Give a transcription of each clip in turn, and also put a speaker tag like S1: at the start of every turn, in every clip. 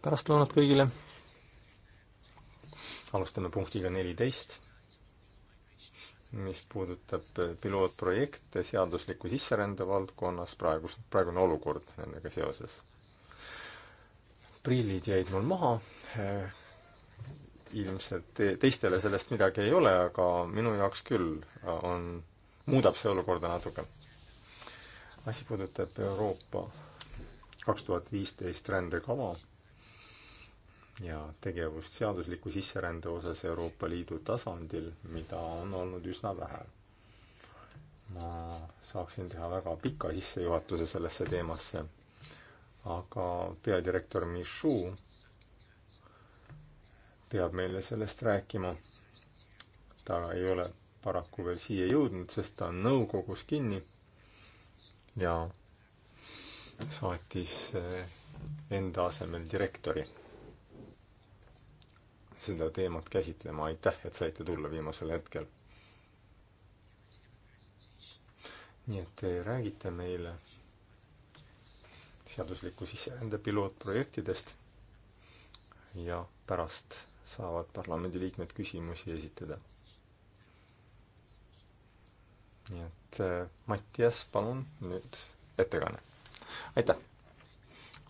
S1: pärastlõunat kõigile. alustame punktiga neliteist, mis puudutab äh, pilootprojekte seadusliku sisserände valdkonnas, praegus, praegune olukord nendega seoses. prillid jäid mul maha, äh, ilmselt teistele sellest midagi ei ole, aga minu jaoks küll äh, on, muudab see olukorda natuke. asi puudutab Euroopa kaks tuhat viisteist rändekava ja tegevust seadusliku sisserände osas Euroopa Liidu tasandil, mida on olnud üsna vähe. ma saaksin teha väga pika sissejuhatuse sellesse teemasse, aga peadirektor Michu peab meile sellest rääkima. ta ei ole paraku veel siia jõudnud, sest ta on nõukogus kinni ja saatis eh, enda asemel direktori seda teemat käsitlema, aitäh, et saite tulla viimasel hetkel. nii et te räägite meile seadusliku sisserände pilootprojektidest ja pärast saavad parlamendiliikmed küsimusi esitada. nii et äh, Mattias, palun nüüd ettekanne. aitäh!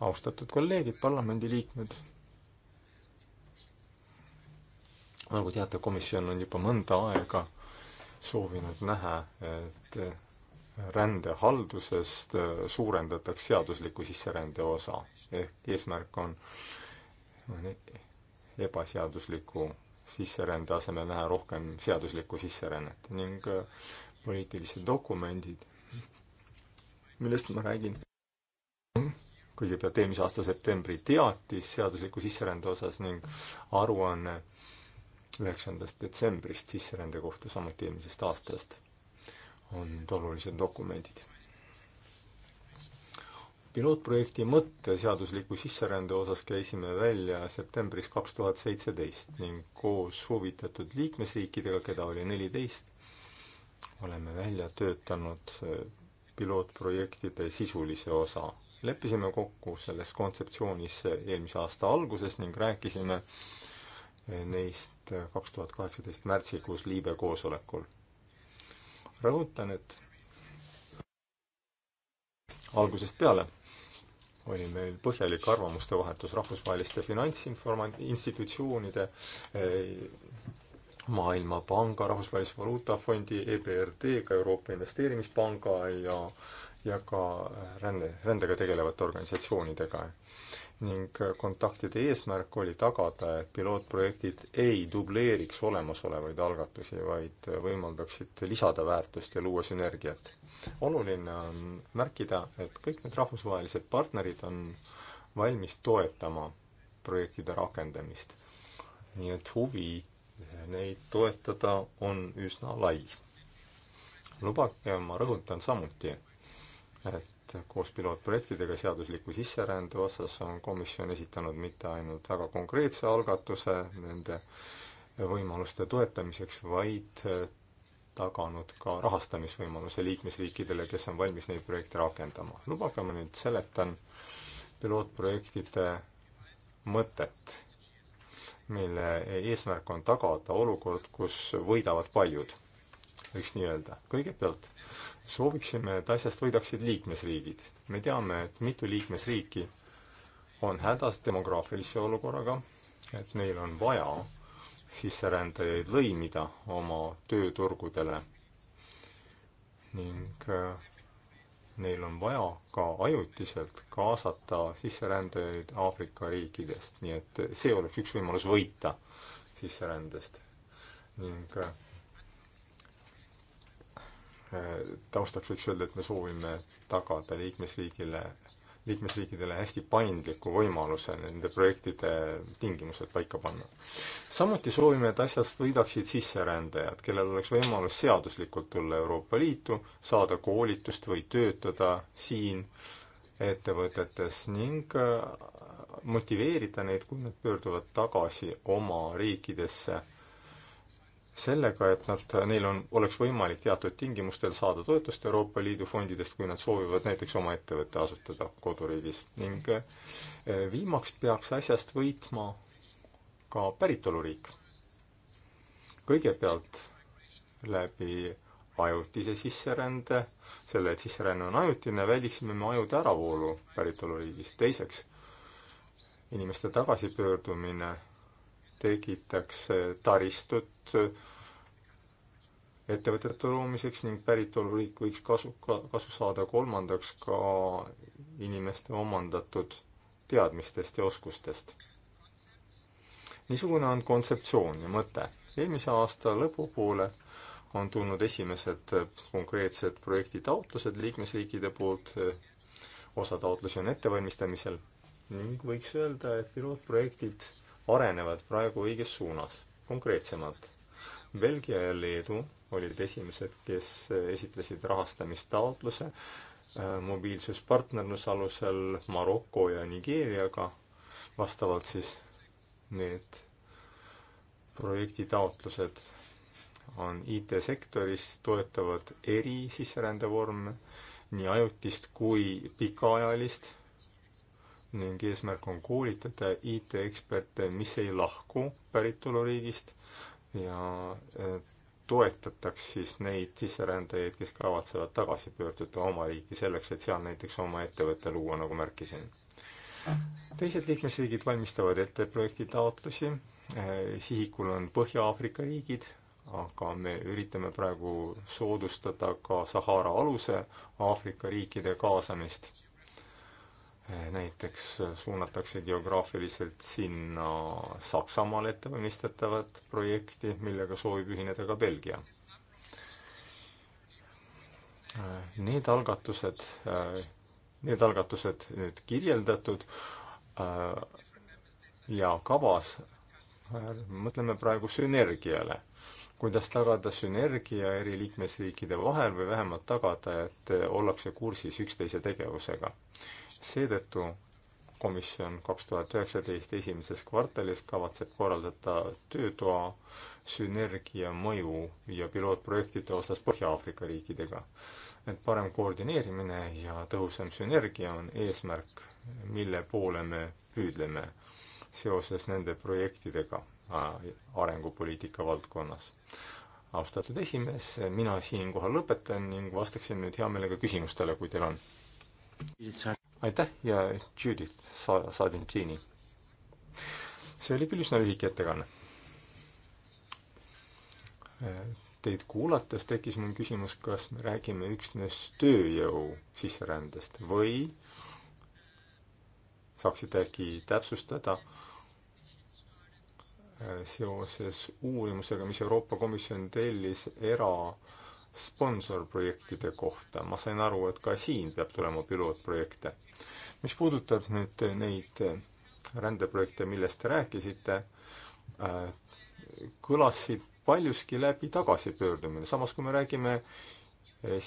S1: austatud kolleegid, parlamendiliikmed nagu teate, komisjon on juba mõnda aega soovinud näha, et rändehaldusest äh, suurendataks seadusliku sisserände osa. ehk eesmärk on, on e-, ebaseadusliku sisserände asemel näha rohkem seaduslikku sisserännet ning äh, poliitilised dokumendid, millest ma räägin. kõigepealt eelmise aasta septembri teatis seadusliku sisserände osas ning aruanne üheksandast detsembrist sisserände kohta, samuti eelmisest aastast, on need olulised dokumendid. pilootprojekti mõtte seadusliku sisserände osas käisime välja septembris kaks tuhat seitseteist ning koos huvitatud liikmesriikidega, keda oli neliteist, oleme välja töötanud äh, pilootprojektide sisulise osa. leppisime kokku selles kontseptsioonis eelmise aasta alguses ning rääkisime äh, neist kaks tuhat kaheksateist märtsikuus Liibe koosolekul. rõhutan, et algusest peale oli meil põhjalik arvamuste vahetus rahvusvaheliste finantsinforma-, institutsioonide, eh, Maailmapanga, Rahvusvahelise Valuutafondi, EBRD-ga, Euroopa Investeerimispanga ja ja ka rände, rändega tegelevate organisatsioonidega. ning kontaktide eesmärk oli tagada, et pilootprojektid ei dubleeriks olemasolevaid algatusi, vaid võimaldaksid lisada väärtust ja luua sünergiat. oluline on märkida, et kõik need rahvusvahelised partnerid on valmis toetama projektide rakendamist. nii et huvi neid toetada on üsna lai. lubage, ma rõhutan samuti, et koos pilootprojektidega seadusliku sisserände osas on komisjon esitanud mitte ainult väga konkreetse algatuse nende võimaluste toetamiseks, vaid taganud ka rahastamisvõimaluse liikmesriikidele, kes on valmis neid projekte rakendama. lubage, ma nüüd seletan pilootprojektide mõtet, mille eesmärk on tagada olukord, kus võidavad paljud võiks nii öelda. kõigepealt sooviksime, et asjast võidaksid liikmesriigid. me teame, et mitu liikmesriiki on hädas demograafilise olukorraga, et neil on vaja sisserändajaid lõimida oma tööturgudele ning äh, neil on vaja ka ajutiselt kaasata sisserändajaid Aafrika riikidest, nii et see oleks üks võimalus võita sisserändest. ning äh, taustaks võiks öelda, et me soovime tagada liikmesriigile, liikmesriikidele hästi paindliku võimaluse nende projektide tingimused paika panna. samuti soovime, et asjast võidaksid sisserändajad, kellel oleks võimalus seaduslikult tulla Euroopa Liitu, saada koolitust või töötada siin ettevõtetes ning äh, motiveerida neid, kui nad pöörduvad tagasi oma riikidesse sellega, et nad, neil on, oleks võimalik teatud tingimustel saada toetust Euroopa Liidu fondidest, kui nad soovivad näiteks oma ettevõtte asutada koduriigis. ning eh, viimaks peaks asjast võitma ka päritoluriik. kõigepealt läbi ajutise sisserände, selle, et sisseränne on ajutine, väldiksime me ajude äravoolu päritoluriigist. teiseks, inimeste tagasipöördumine tegitakse taristut ettevõtete loomiseks ning päritoluriik võiks kasu, kasu saada kolmandaks ka inimeste omandatud teadmistest ja oskustest. niisugune on kontseptsioon ja mõte. eelmise aasta lõpupoole on tulnud esimesed konkreetsed projektitaotlused liikmesriikide poolt, osa taotlusi on ettevalmistamisel ning võiks öelda, et pilootprojektid arenevad praegu õiges suunas. konkreetsemalt, Belgia ja Leedu olid esimesed, kes esitlesid rahastamistaotluse äh, mobiilsuspartnerluse alusel Maroko ja Nigeeriaga, vastavalt siis need projektitaotlused on IT-sektoris, toetavad eri sisserändevorme, nii ajutist kui pikaajalist ning eesmärk on koolitada IT-eksperte, mis ei lahku päritoluriigist ja e, toetataks siis neid sisserändajaid, kes kavatsevad tagasi pöörduda oma riiki selleks, et seal näiteks oma ettevõte luua, nagu märkisin. teised liikmesriigid valmistavad ette projektitaotlusi, e, sihikul on Põhja-Aafrika riigid, aga me üritame praegu soodustada ka Sahara aluse Aafrika riikide kaasamist näiteks äh, suunatakse geograafiliselt sinna Saksamaal ettevalmistatavat projekti, millega soovib ühineda ka Belgia. Äh, need algatused, äh, need algatused nüüd kirjeldatud ja kavas, mõtleme praegu sünergiale kuidas tagada sünergia eri liikmesriikide vahel või vähemalt tagada, et ollakse kursis üksteise tegevusega. seetõttu komisjon kaks tuhat üheksateist esimeses kvartalis kavatseb korraldada töötoa sünergia mõju ja pilootprojektide osas Põhja-Aafrika riikidega. et parem koordineerimine ja tõhusam sünergia on eesmärk, mille poole me püüdleme seoses nende projektidega äh, arengupoliitika valdkonnas austatud esimees, mina siinkohal lõpetan ning vastaksin nüüd hea meelega küsimustele, kui teil on. aitäh ja Judith Sa-, Sadintini. see oli küll üsna lühike ettekanne. Teid kuulates tekkis mul küsimus, kas me räägime üksnes tööjõu sisserändest või saaksite äkki täpsustada äh, seoses uurimusega, mis Euroopa Komisjon tellis erasponsorprojektide kohta. ma sain aru, et ka siin peab tulema pilootprojekte. mis puudutab nüüd neid rändeprojekte, millest te rääkisite, äh, kõlasid paljuski läbi tagasipöördumine, samas kui me räägime äh,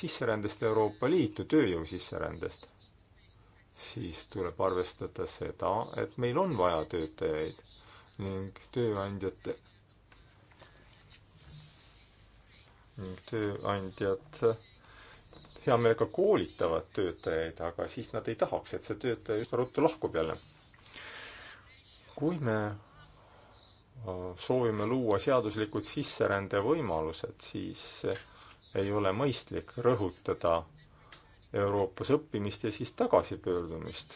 S1: sisserändest Euroopa Liitu, tööjõu sisserändest, siis tuleb arvestada seda, et meil on vaja töötajaid ning tööandjate ning tööandjad hea meelega koolitavad töötajaid, aga siis nad ei tahaks, et see töötaja üsna ruttu lahkub jälle. kui me äh, soovime luua seaduslikud sisserände võimalused, siis ei ole mõistlik rõhutada Euroopas õppimist ja siis tagasipöördumist.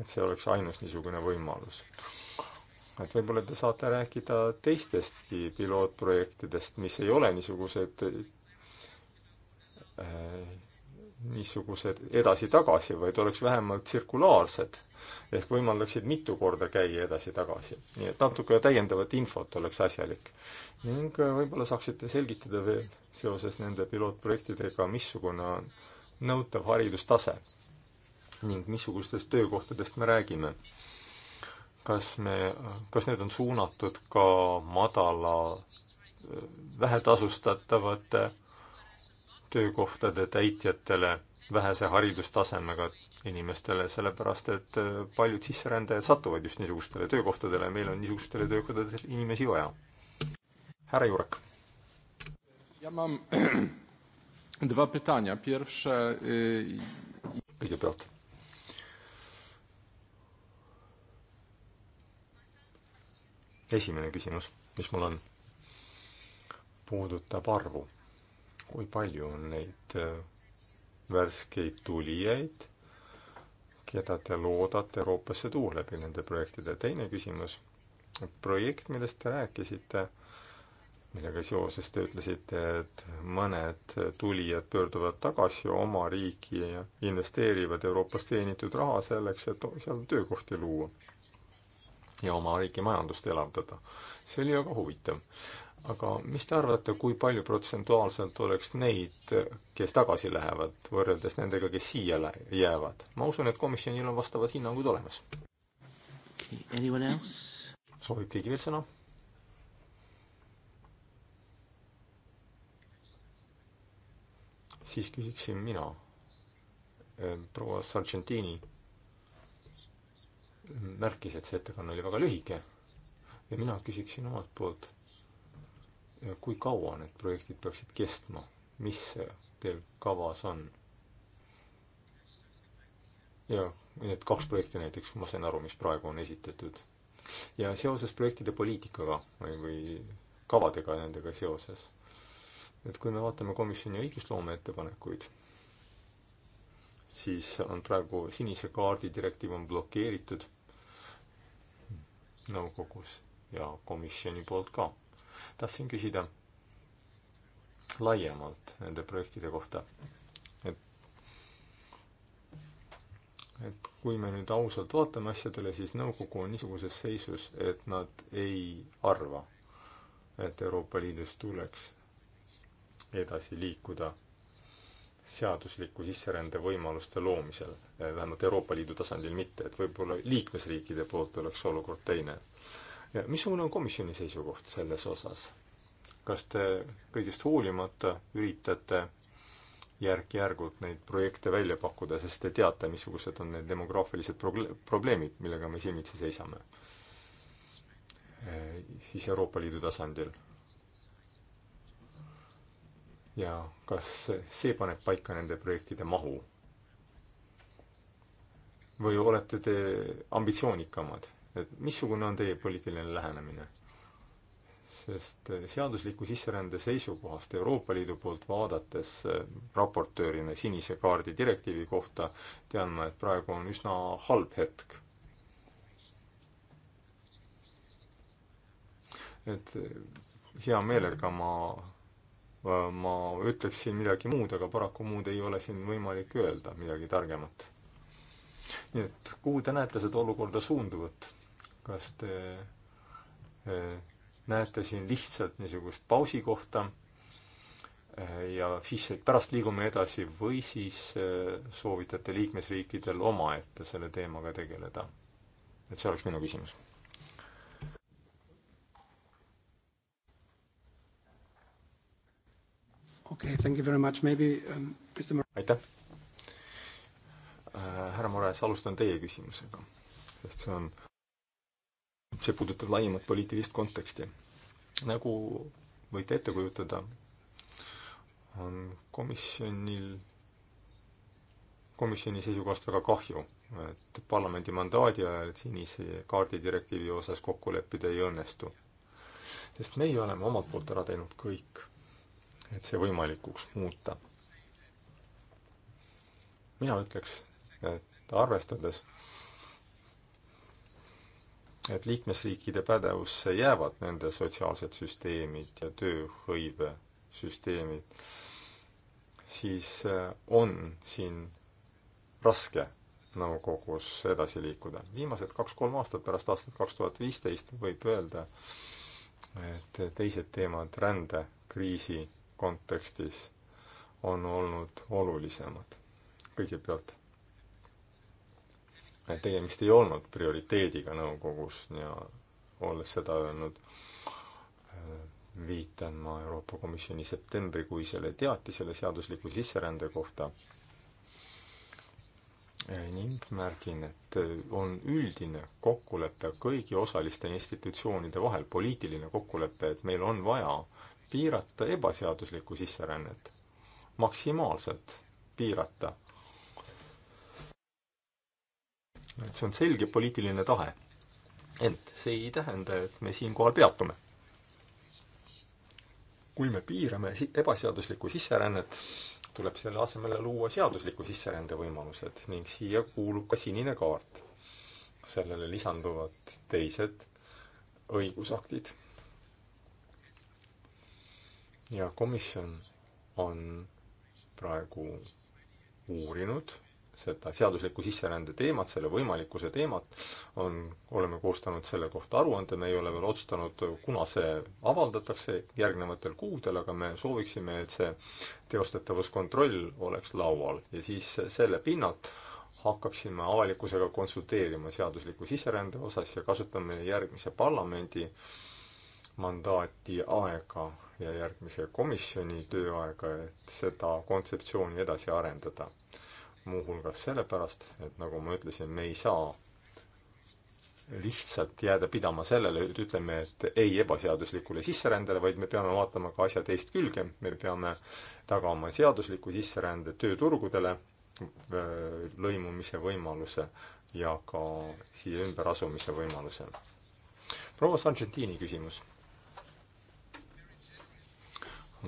S1: et see oleks ainus niisugune võimalus et võib-olla te saate rääkida teistestki pilootprojektidest, mis ei ole niisugused äh,, niisugused edasi-tagasi, vaid oleks vähemalt tsirkulaarsed. ehk võimaldaksid mitu korda käia edasi-tagasi. nii et natuke täiendavat infot oleks asjalik. ning eh, võib-olla saaksite selgitada veel seoses nende pilootprojektidega, missugune on nõutav haridustase ning missugustest töökohtadest me räägime kas me, kas need on suunatud ka madala, vähetasustatavate töökohtade täitjatele, vähese haridustasemega inimestele, sellepärast et äh, paljud sisserändajad satuvad just niisugustele töökohtadele ja meil on niisugustele töökohtadele inimesi vaja. härra Jurek. kõigepealt esimene küsimus, mis mul on, puudutab arvu. kui palju on neid äh, värskeid tulijaid, keda te loodate Euroopasse tuua läbi nende projektide. teine küsimus, projekt, millest te rääkisite, millega seoses te ütlesite, et mõned tulijad pöörduvad tagasi oma riiki ja investeerivad Euroopast teenitud raha selleks, et seal töökohti luua ja oma riigi majandust elavdada. see oli väga huvitav. aga mis te arvate, kui palju protsentuaalselt oleks neid, kes tagasi lähevad, võrreldes nendega, kes siia jäävad? ma usun, et komisjonil on vastavad hinnangud olemas. soovib keegi veel sõna? siis küsiksin mina, eh, proua Sargentini märkis, et see ettekanne oli väga lühike ja mina küsiksin omalt poolt, kui kaua need projektid peaksid kestma, mis teil kavas on? ja need kaks projekti näiteks, ma sain aru, mis praegu on esitatud. ja seoses projektide poliitikaga või, või kavadega nendega seoses, et kui me vaatame komisjoni õigusloome ettepanekuid, siis on praegu sinise kaardi direktiiv on blokeeritud nõukogus ja komisjoni poolt ka. tahtsin küsida laiemalt nende projektide kohta, et et kui me nüüd ausalt vaatame asjadele, siis nõukogu on niisuguses seisus, et nad ei arva, et Euroopa Liidus tuleks edasi liikuda seadusliku sisserände võimaluste loomisel, vähemalt Euroopa Liidu tasandil mitte, et võib-olla liikmesriikide poolt oleks olukord teine. missugune on komisjoni seisukoht selles osas? kas te kõigest hoolimata üritate järk-järgult neid projekte välja pakkuda, sest te teate, missugused on need demograafilised proble-, probleemid, millega me silmitsi seisame? siis Euroopa Liidu tasandil ja kas see paneb paika nende projektide mahu? või olete te ambitsioonikamad, et missugune on teie poliitiline lähenemine? sest seadusliku sisserände seisukohast Euroopa Liidu poolt vaadates eh, raportöörina sinise kaardi direktiivi kohta tean ma, et praegu on üsna halb hetk et hea meelega ma Äh, ma ütleksin midagi muud, aga paraku muud ei ole siin võimalik öelda, midagi targemat. nii et kuhu te näete seda olukorda suunduvat? kas te äh, näete siin lihtsalt niisugust pausi kohta äh, ja siis pärast liigume edasi või siis soovitate liikmesriikidel omaette selle teemaga tegeleda? et see oleks minu küsimus
S2: okei okay,, thank you very much, maybe um, Mr Mor-. aitäh
S1: äh,. härra Mores, alustan teie küsimusega, sest see on, see puudutab laiemat poliitilist konteksti. nagu võite ette kujutada, on komisjonil, komisjoni seisukohast väga kahju, et parlamendi mandaadi ajal sinise kaardi direktiivi osas kokku leppida ei õnnestu. sest meie oleme omalt poolt ära teinud kõik et see võimalikuks muuta. mina ütleks, et arvestades, et liikmesriikide pädevusse jäävad nende sotsiaalsed süsteemid ja tööhõivesüsteemid, siis äh, on siin raske nõukogus edasi liikuda. viimased kaks-kolm aastat pärast aastat kaks tuhat viisteist võib öelda, et teised teemad, rändekriisi kontekstis on olnud olulisemad kõigepealt. tegemist ei olnud prioriteediga nõukogus ja olles seda öelnud, äh, viitan ma Euroopa Komisjoni septembrikuisele teatisele seadusliku sisserände kohta äh, ning märgin, et äh, on üldine kokkulepe kõigi osaliste institutsioonide vahel, poliitiline kokkulepe, et meil on vaja piirata ebaseaduslikku sisserännet, maksimaalselt piirata. et see on selge poliitiline tahe. ent see ei tähenda, et me siinkohal peatume. kui me piirame ebaseaduslikku sisserännet, tuleb selle asemele luua seadusliku sisserände võimalused ning siia kuulub ka sinine kaart. sellele lisanduvad teised õigusaktid ja komisjon on praegu uurinud seda seadusliku sisserände teemat, selle võimalikkuse teemat, on, oleme koostanud selle kohta aruande, me ei ole veel otsustanud, kuna see avaldatakse järgnevatel kuudel, aga me sooviksime, et see teostatavuskontroll oleks laual ja siis selle pinnalt hakkaksime avalikkusega konsulteerima seadusliku sisserände osas ja kasutame järgmise parlamendi mandaati aega ja järgmise komisjoni tööaega, et seda kontseptsiooni edasi arendada. muuhulgas sellepärast, et nagu ma ütlesin, me ei saa lihtsalt jääda pidama sellele, et ütleme, et ei ebaseaduslikule sisserändele, vaid me peame vaatama ka asja teist külge, me peame tagama seadusliku sisserände tööturgudele, äh, lõimumise võimaluse ja ka siia ümberasumise võimaluse. proua Sargentini küsimus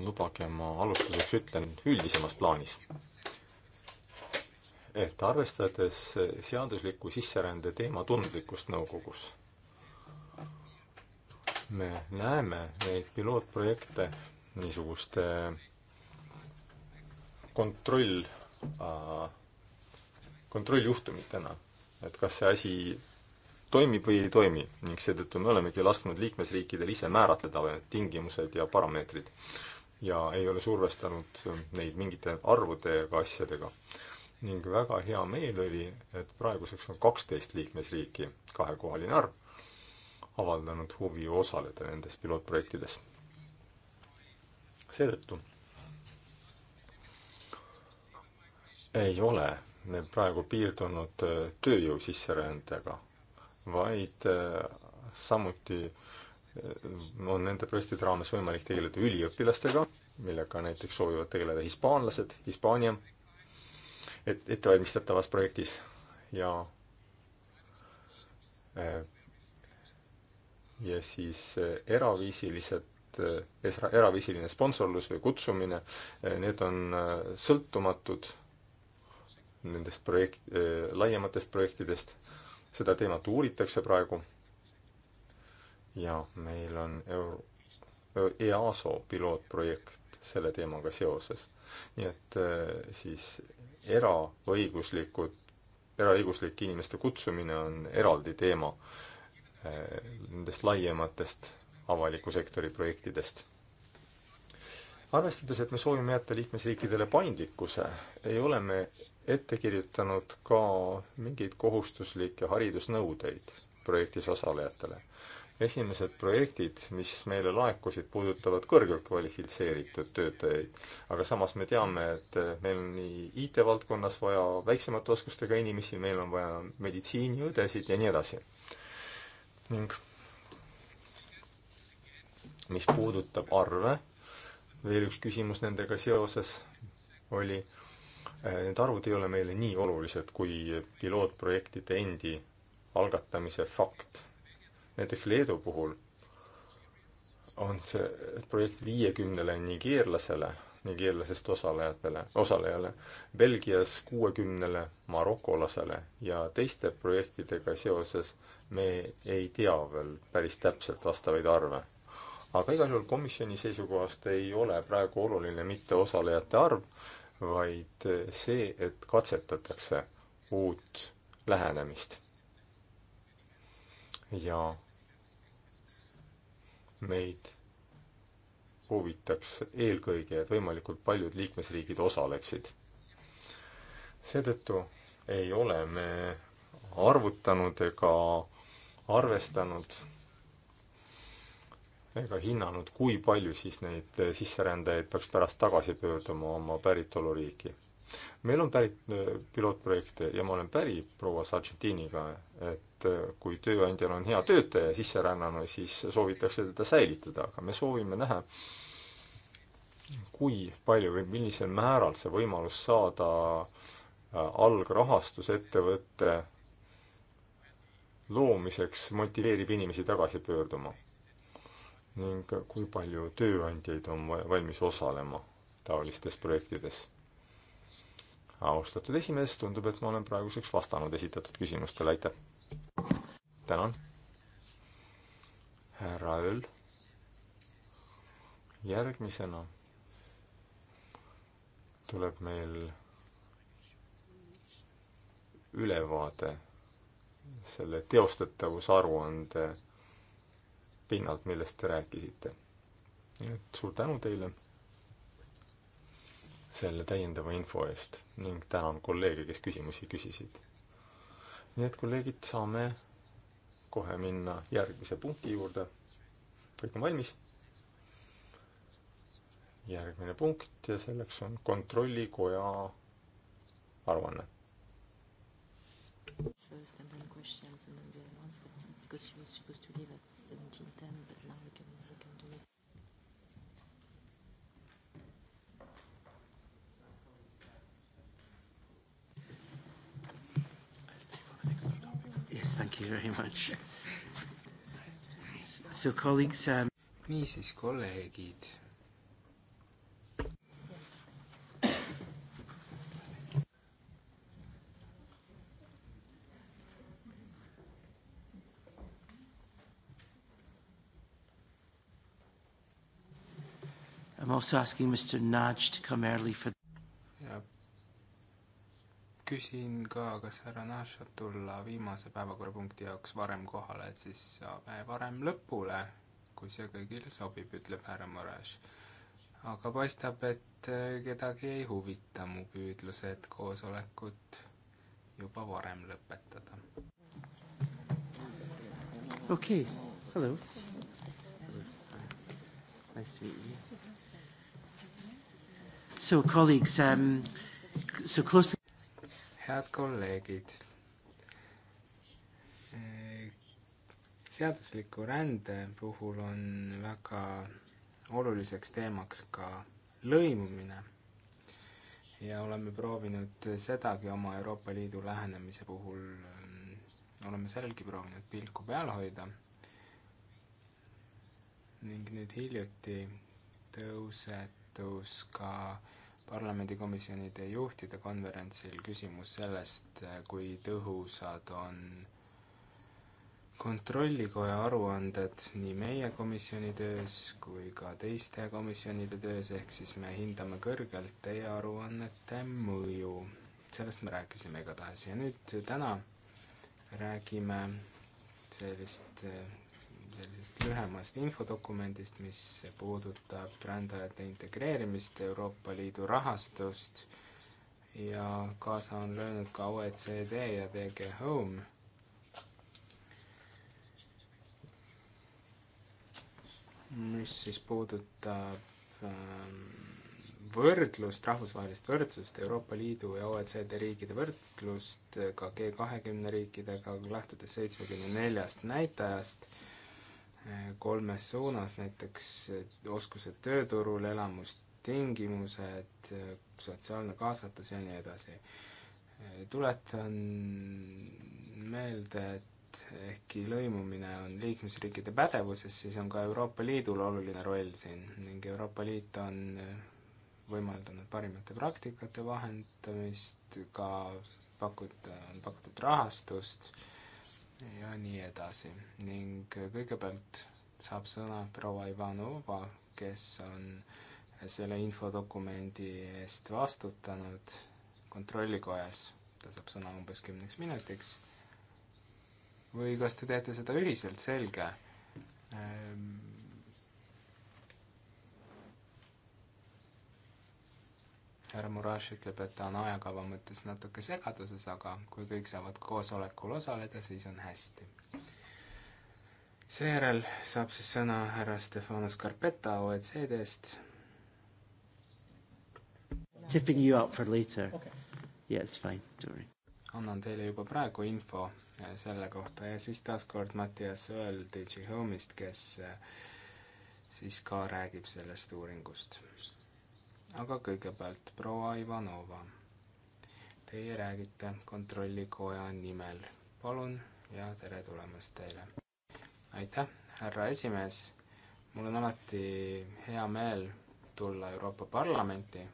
S1: lubage, ma alustuseks ütlen üldisemas plaanis, et arvestades seadusliku sisserände teema tundlikkust nõukogus, me näeme neid pilootprojekte niisuguste kontroll, kontrolljuhtumitena, et kas see asi toimib või ei toimi ning seetõttu me olemegi lasknud liikmesriikidel ise määratleda need tingimused ja parameetrid ja ei ole survestanud neid mingite arvude ega asjadega. ning väga hea meel oli, et praeguseks on kaksteist liikmesriiki, kahekohaline arv, avaldanud huvi osaleda nendes pilootprojektides. seetõttu ei ole me praegu piirdunud tööjõu sisserändega, vaid äh, samuti äh, on nende projektide raames võimalik tegeleda üliõpilastega, millega näiteks soovivad tegeleda hispaanlased, Hispaania et, ettevalmistatavas projektis ja äh, ja siis äh, eraviisilised, äh, eraviisiline sponsorlus või kutsumine, need on sõltumatud nendest projekt-, laiematest projektidest, seda teemat uuritakse praegu ja meil on euro-, EASO pilootprojekt selle teemaga seoses. nii et äh, siis eraõiguslikud, eraõiguslike inimeste kutsumine on eraldi teema äh, nendest laiematest avaliku sektori projektidest arvestades, et me soovime jätta liikmesriikidele paindlikkuse, ei ole me ette kirjutanud ka mingeid kohustuslikke haridusnõudeid projektis osalejatele esimesed projektid, mis meile laekusid, puudutavad kõrgelt kvalifitseeritud töötajaid. aga samas me teame, et meil on nii IT-valdkonnas vaja väiksemate oskustega inimesi, meil on vaja meditsiiniõdesid ja nii edasi. ning mis puudutab arve, veel üks küsimus nendega seoses oli, eh, need arvud ei ole meile nii olulised kui pilootprojektide endi algatamise fakt näiteks Leedu puhul on see projekt viiekümnele nigeerlasele, nigeerlasest osalejatele, osalejale, Belgias kuuekümnele marokolasele ja teiste projektidega seoses me ei tea veel päris täpselt vastavaid arve. aga igal juhul komisjoni seisukohast ei ole praegu oluline mitte osalejate arv, vaid see, et katsetatakse uut lähenemist ja meid huvitaks eelkõige, et võimalikult paljud liikmesriigid osaleksid. seetõttu ei ole me arvutanud ega arvestanud ega hinnanud, kui palju siis neid sisserändajaid peaks pärast tagasi pöörduma oma päritoluriiki. meil on pärit äh, pilootprojekte ja ma olen päri proua Sargentiniga, et et äh, kui tööandjal on hea töötaja sisserännanu, siis soovitakse teda säilitada, aga me soovime näha, kui palju või millisel määral see võimalus saada äh, algrahastus ettevõtte loomiseks motiveerib inimesi tagasi pöörduma. ning kui palju tööandjaid on valmis osalema taolistes projektides. austatud esimees, tundub, et ma olen praeguseks vastanud esitatud küsimustele, aitäh! tänan. härra Öl. järgmisena tuleb meil ülevaade selle teostatavusaruande pinnalt, millest te rääkisite. nii et suur tänu teile selle täiendava info eest ning tänan kolleege, kes küsimusi küsisid nii et kolleegid, saame kohe minna järgmise punkti juurde. kõik on valmis? järgmine punkt ja selleks on kontrollikoja aruanne.
S2: First and then questions and then the announcement because she was supposed to leave at seventeen ten but now we can Thank you very much. So colleagues um.... niisiis, kolleegid. I am also asking Mr Nudge to come early for
S3: küsin ka, kas härra Naš saab tulla viimase päevakorrapunkti jaoks varem kohale, et siis saame varem lõpule, kui see kõigile sobib, ütleb härra Moraš. aga paistab, et äh, kedagi ei huvita mu püüdlused koosolekut juba varem lõpetada.
S2: okei okay., hello. Nice
S3: to meet you.
S2: So colleagues um, so closely
S3: head kolleegid! seadusliku rände puhul on väga oluliseks teemaks ka lõimumine ja oleme proovinud sedagi oma Euroopa Liidu lähenemise puhul, oleme sellelgi proovinud pilku peal hoida. ning nüüd hiljuti tõusetus ka äh, parlamendikomisjonide juhtide konverentsil küsimus sellest, kui tõhusad on kontrollikoja aruanded nii meie komisjoni töös kui ka teiste komisjonide töös, ehk siis me hindame kõrgelt teie aruannete mõju. sellest me rääkisime igatahes ja nüüd täna räägime sellist sellisest lühemast infodokumendist, mis puudutab rändajate integreerimist, Euroopa Liidu rahastust ja kaasa on löönud ka OECD ja DG Home. mis siis puudutab ähm, võrdlust, rahvusvahelist võrdsust, Euroopa Liidu ja OECD riikide võrdlust, ka G kahekümne riikidega, lähtudes seitsmekümne neljast näitajast kolmes suunas, näiteks oskused tööturul, elamustingimused, sotsiaalne kaasatus ja nii edasi. tuletan meelde, et ehkki lõimumine on liikmesriikide pädevuses, siis on ka Euroopa Liidul oluline roll siin ning Euroopa Liit on võimaldanud parimate praktikate vahendamist, ka pakuta, on pakutud rahastust äh, ja nii edasi. ning kõigepealt saab sõna proua Ivanova, kes on selle infodokumendi eest vastutanud kontrollikojas. ta saab sõna umbes kümneks minutiks. või kas te teete seda ühiselt, selge? härra Murash ütleb, et ta on ajakava mõttes natuke segaduses, aga kui kõik saavad koosolekul osaleda, siis on hästi. seejärel saab siis sõna härra Stefano Scarpetta OECD-st.
S2: Tipping you up for later okay.. Yeah, it's fine,
S3: don't worry. annan teile juba praegu info eh, selle kohta ja siis taaskord Mattias Sõel DJ Home'ist, kes eh, siis ka räägib sellest uuringust aga kõigepealt proua Ivanova, teie räägite kontrollikoja nimel, palun ja tere tulemast teile. aitäh, härra esimees, mul on alati hea meel tulla Euroopa Parlamenti,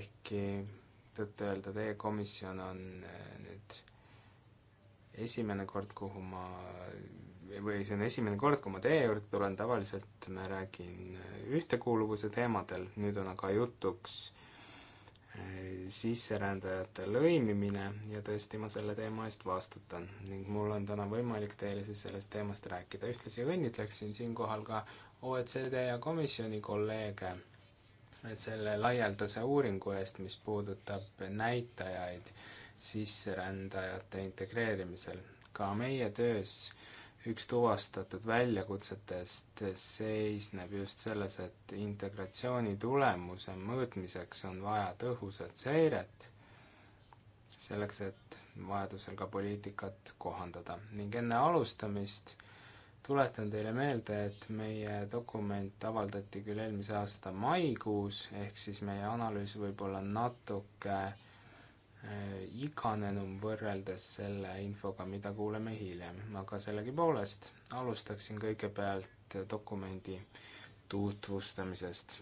S3: ehkki tõtt-öelda teie komisjon on eh, nüüd esimene kord, kuhu ma, või see on esimene kord, kui ma teie juurde tulen, tavaliselt ma räägin ühtekuuluvuse teemadel, nüüd on aga jutuks eh, sisserändajate lõimimine ja tõesti, ma selle teema eest vastutan ning mul on täna võimalik teile siis sellest teemast rääkida. ühtlasi õnnitleksin siinkohal ka OECD ja komisjoni kolleege selle laialdase uuringu eest, mis puudutab näitajaid äh, sisserändajate integreerimisel. ka meie töös üks tuvastatud väljakutsetest seisneb just selles, et integratsiooni tulemuse mõõtmiseks on vaja tõhusat seiret, selleks et vajadusel ka poliitikat kohandada ning enne alustamist tuletan teile meelde, et meie dokument avaldati küll eelmise aasta maikuus, ehk siis meie analüüs võib olla natuke Äh, iganenum võrreldes selle infoga, mida kuuleme hiljem, aga sellegipoolest alustaksin kõigepealt dokumendi tutvustamisest.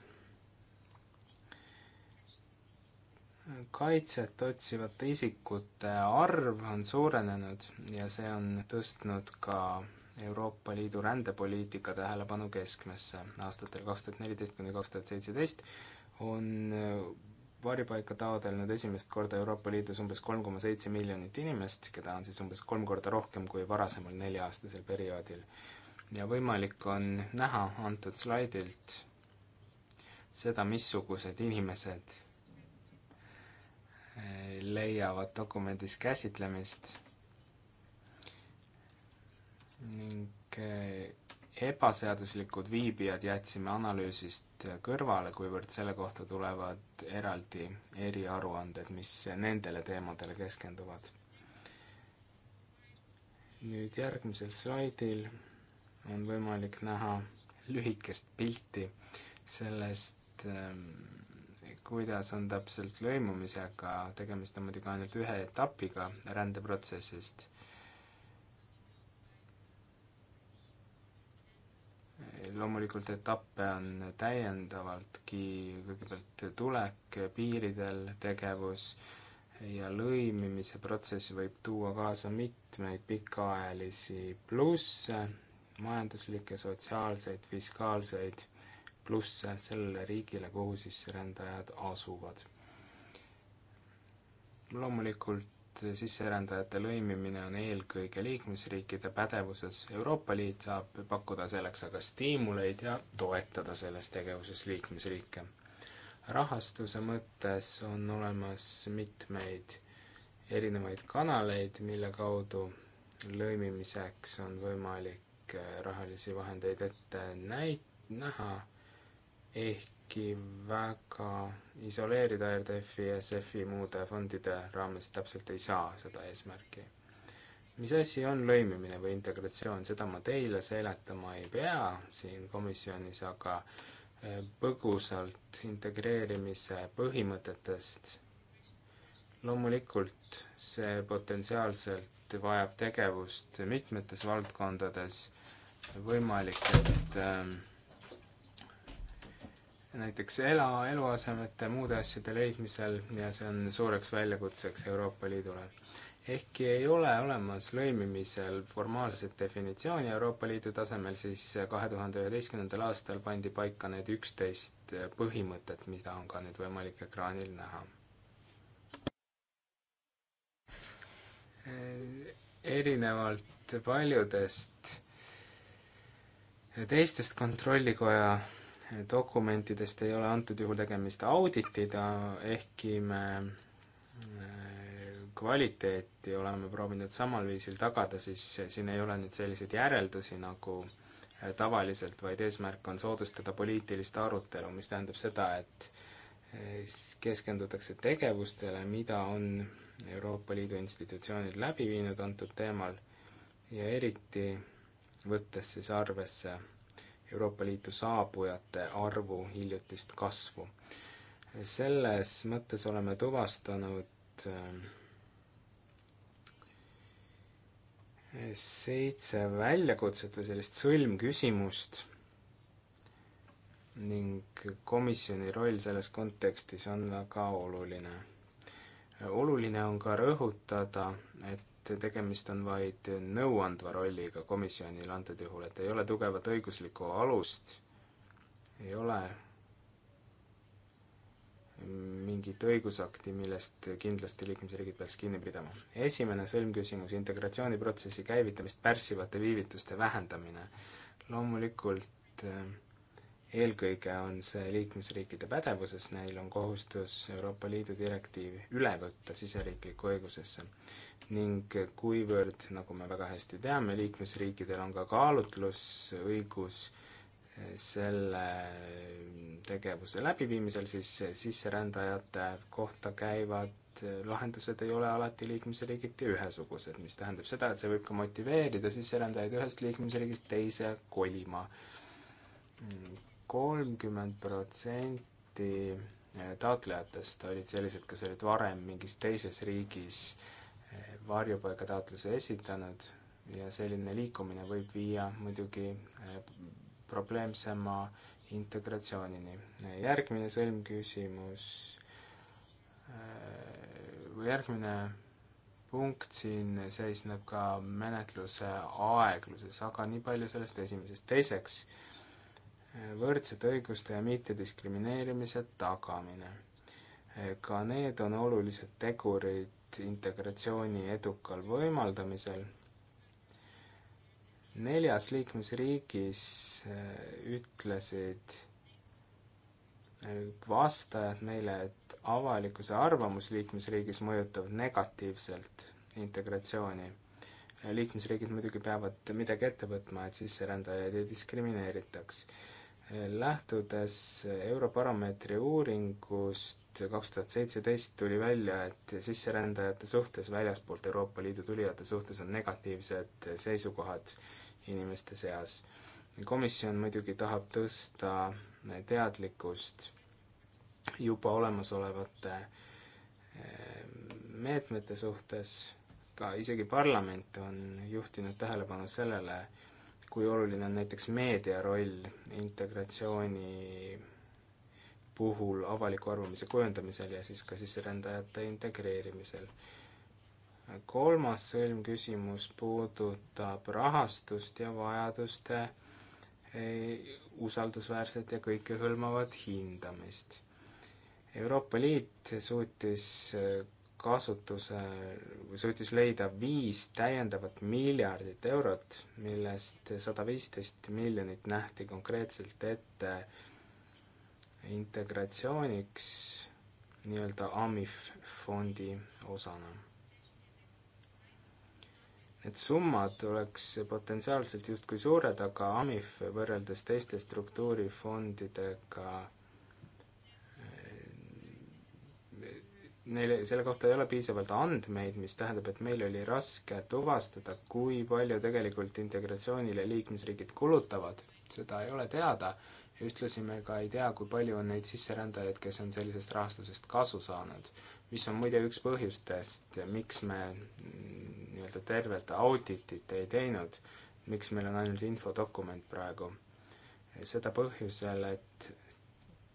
S3: kaitset otsivate isikute arv on suurenenud ja see on tõstnud ka Euroopa Liidu rändepoliitika tähelepanu keskmesse. aastatel kaks tuhat neliteist kuni kaks tuhat seitseteist on varjupaika taotlenud esimest korda Euroopa Liidus umbes kolm koma seitse miljonit inimest, keda on siis umbes kolm korda rohkem kui varasemal nelja-aastasel perioodil. ja võimalik on näha antud slaidilt seda, missugused inimesed eh, leiavad dokumendis käsitlemist ning eh, ebaseaduslikud viibijad jätsime analüüsist kõrvale, kuivõrd selle kohta tulevad eraldi eriaruanded, mis nendele teemadele keskenduvad. nüüd järgmisel slaidil on võimalik näha lühikest pilti sellest, ähm, kuidas on täpselt lõimumisega, tegemist on muidugi ainult ühe etapiga rändeprotsessist loomulikult etappe on täiendavaltki, kõigepealt tulek piiridel, tegevus ja lõimimise protsess võib tuua kaasa mitmeid pikaajalisi plusse, majanduslikke, sotsiaalseid, fiskaalseid plusse sellele riigile, kuhu sisserändajad asuvad. loomulikult et sisserändajate lõimimine on eelkõige liikmesriikide pädevuses. Euroopa Liit saab pakkuda selleks aga stiimuleid ja toetada selles tegevuses liikmesriike. rahastuse mõttes on olemas mitmeid erinevaid kanaleid, mille kaudu lõimimiseks on võimalik eh, rahalisi vahendeid ette näi-, näha, ehk kuidagi väga isoleerida RDF-i, SF-i, e muude fondide raames täpselt ei saa seda eesmärki. mis asi on lõimimine või integratsioon, seda ma teile seletama ei pea siin komisjonis, aga e, põgusalt integreerimise põhimõtetest loomulikult see potentsiaalselt vajab tegevust mitmetes valdkondades, võimalik, et äh, näiteks ela, eluasemete, muude asjade leidmisel ja see on suureks väljakutseks Euroopa Liidule. ehkki ei ole olemas lõimimisel formaalset definitsiooni Euroopa Liidu tasemel, siis kahe tuhande üheteistkümnendal aastal pandi paika need üksteist põhimõtet, mida on ka nüüd võimalik ekraanil näha. erinevalt paljudest teistest kontrollikoja dokumentidest ei ole antud juhul tegemist auditiga, ehkki me äh, kvaliteeti oleme proovinud samal viisil tagada, siis siin ei ole nüüd selliseid järeldusi nagu äh, tavaliselt, vaid eesmärk on soodustada poliitilist arutelu, mis tähendab seda, et äh, keskendutakse tegevustele, mida on Euroopa Liidu institutsioonid läbi viinud antud teemal ja eriti võttes siis arvesse Euroopa Liitu saabujate arvu hiljutist kasvu. selles mõttes oleme tuvastanud äh, seitse väljakutset või sellist sõlmküsimust ning komisjoni roll selles kontekstis on väga oluline. oluline on ka rõhutada, et et tegemist on vaid nõuandva rolliga komisjonil antud juhul, et ei ole tugevat õiguslikku alust, ei ole mingit õigusakti, millest kindlasti liikmesriigid peaks kinni pidama. esimene sõlmküsimus, integratsiooniprotsessi käivitamist pärssivate viivituste vähendamine. loomulikult eh, eelkõige on see liikmesriikide pädevuses, neil on kohustus Euroopa Liidu direktiiv üle võtta siseriiklikku õigusesse ning kuivõrd, nagu me väga hästi teame, liikmesriikidel on ka kaalutlusõigus eh, selle tegevuse läbiviimisel, siis sisserändajate kohta käivad eh, lahendused ei ole alati liikmesriigiti ühesugused, mis tähendab seda, et see võib ka motiveerida sisserändajaid ühest liikmesriigist teise kolima. kolmkümmend protsenti eh, taotlejatest olid sellised, kes olid varem mingis teises riigis äh, varjupaigataotluse esitanud ja selline liikumine võib viia muidugi eh, probleemsema integratsioonini. järgmine sõlmküsimus eh, või järgmine punkt siin seisneb ka menetluse aegluses, aga nii palju sellest esimesest. teiseks, eh, võrdsete õiguste ja mittediskrimineerimise tagamine. ka need on olulised tegurid integratsiooni edukal võimaldamisel. neljas liikmesriigis äh, ütlesid äh, vastajad meile, et avalikkuse arvamus liikmesriigis mõjutab negatiivselt integratsiooni. liikmesriigid muidugi peavad midagi ette võtma, et sisserändajaid ei diskrimineeritaks. Äh, lähtudes Eurobaromeetri uuringust et kaks tuhat seitseteist tuli välja, et sisserändajate suhtes, väljaspoolt Euroopa Liidu tulijate suhtes on negatiivsed seisukohad inimeste seas. komisjon muidugi tahab tõsta teadlikkust juba olemasolevate eh, meetmete suhtes, ka isegi parlament on juhtinud tähelepanu sellele, kui oluline on näiteks meedia roll integratsiooni puhul avaliku arvamuse kujundamisel ja siis ka sisserändajate integreerimisel. kolmas sõlmküsimus puudutab rahastust ja vajaduste eh, usaldusväärset ja kõikehõlmavat hindamist. Euroopa Liit suutis eh, kasutuse, suutis leida viis täiendavat miljardit eurot, millest sada viisteist miljonit nähti konkreetselt ette äh, integratsiooniks nii-öelda AMIF fondi osana. Need summad oleks potentsiaalselt justkui suured, aga AMIF võrreldes teiste struktuurifondidega eh, neile, selle kohta ei ole piisavalt andmeid, mis tähendab, et meil oli raske tuvastada, kui palju tegelikult integratsioonile liikmesriigid kulutavad, seda ei ole teada ühtlasi me ka ei tea, kui palju on neid sisserändajaid, kes on sellisest rahastusest kasu saanud, mis on muide üks põhjustest, miks me nii-öelda tervelt auditit ei teinud, miks meil on ainult infodokument praegu. seda põhjusel, et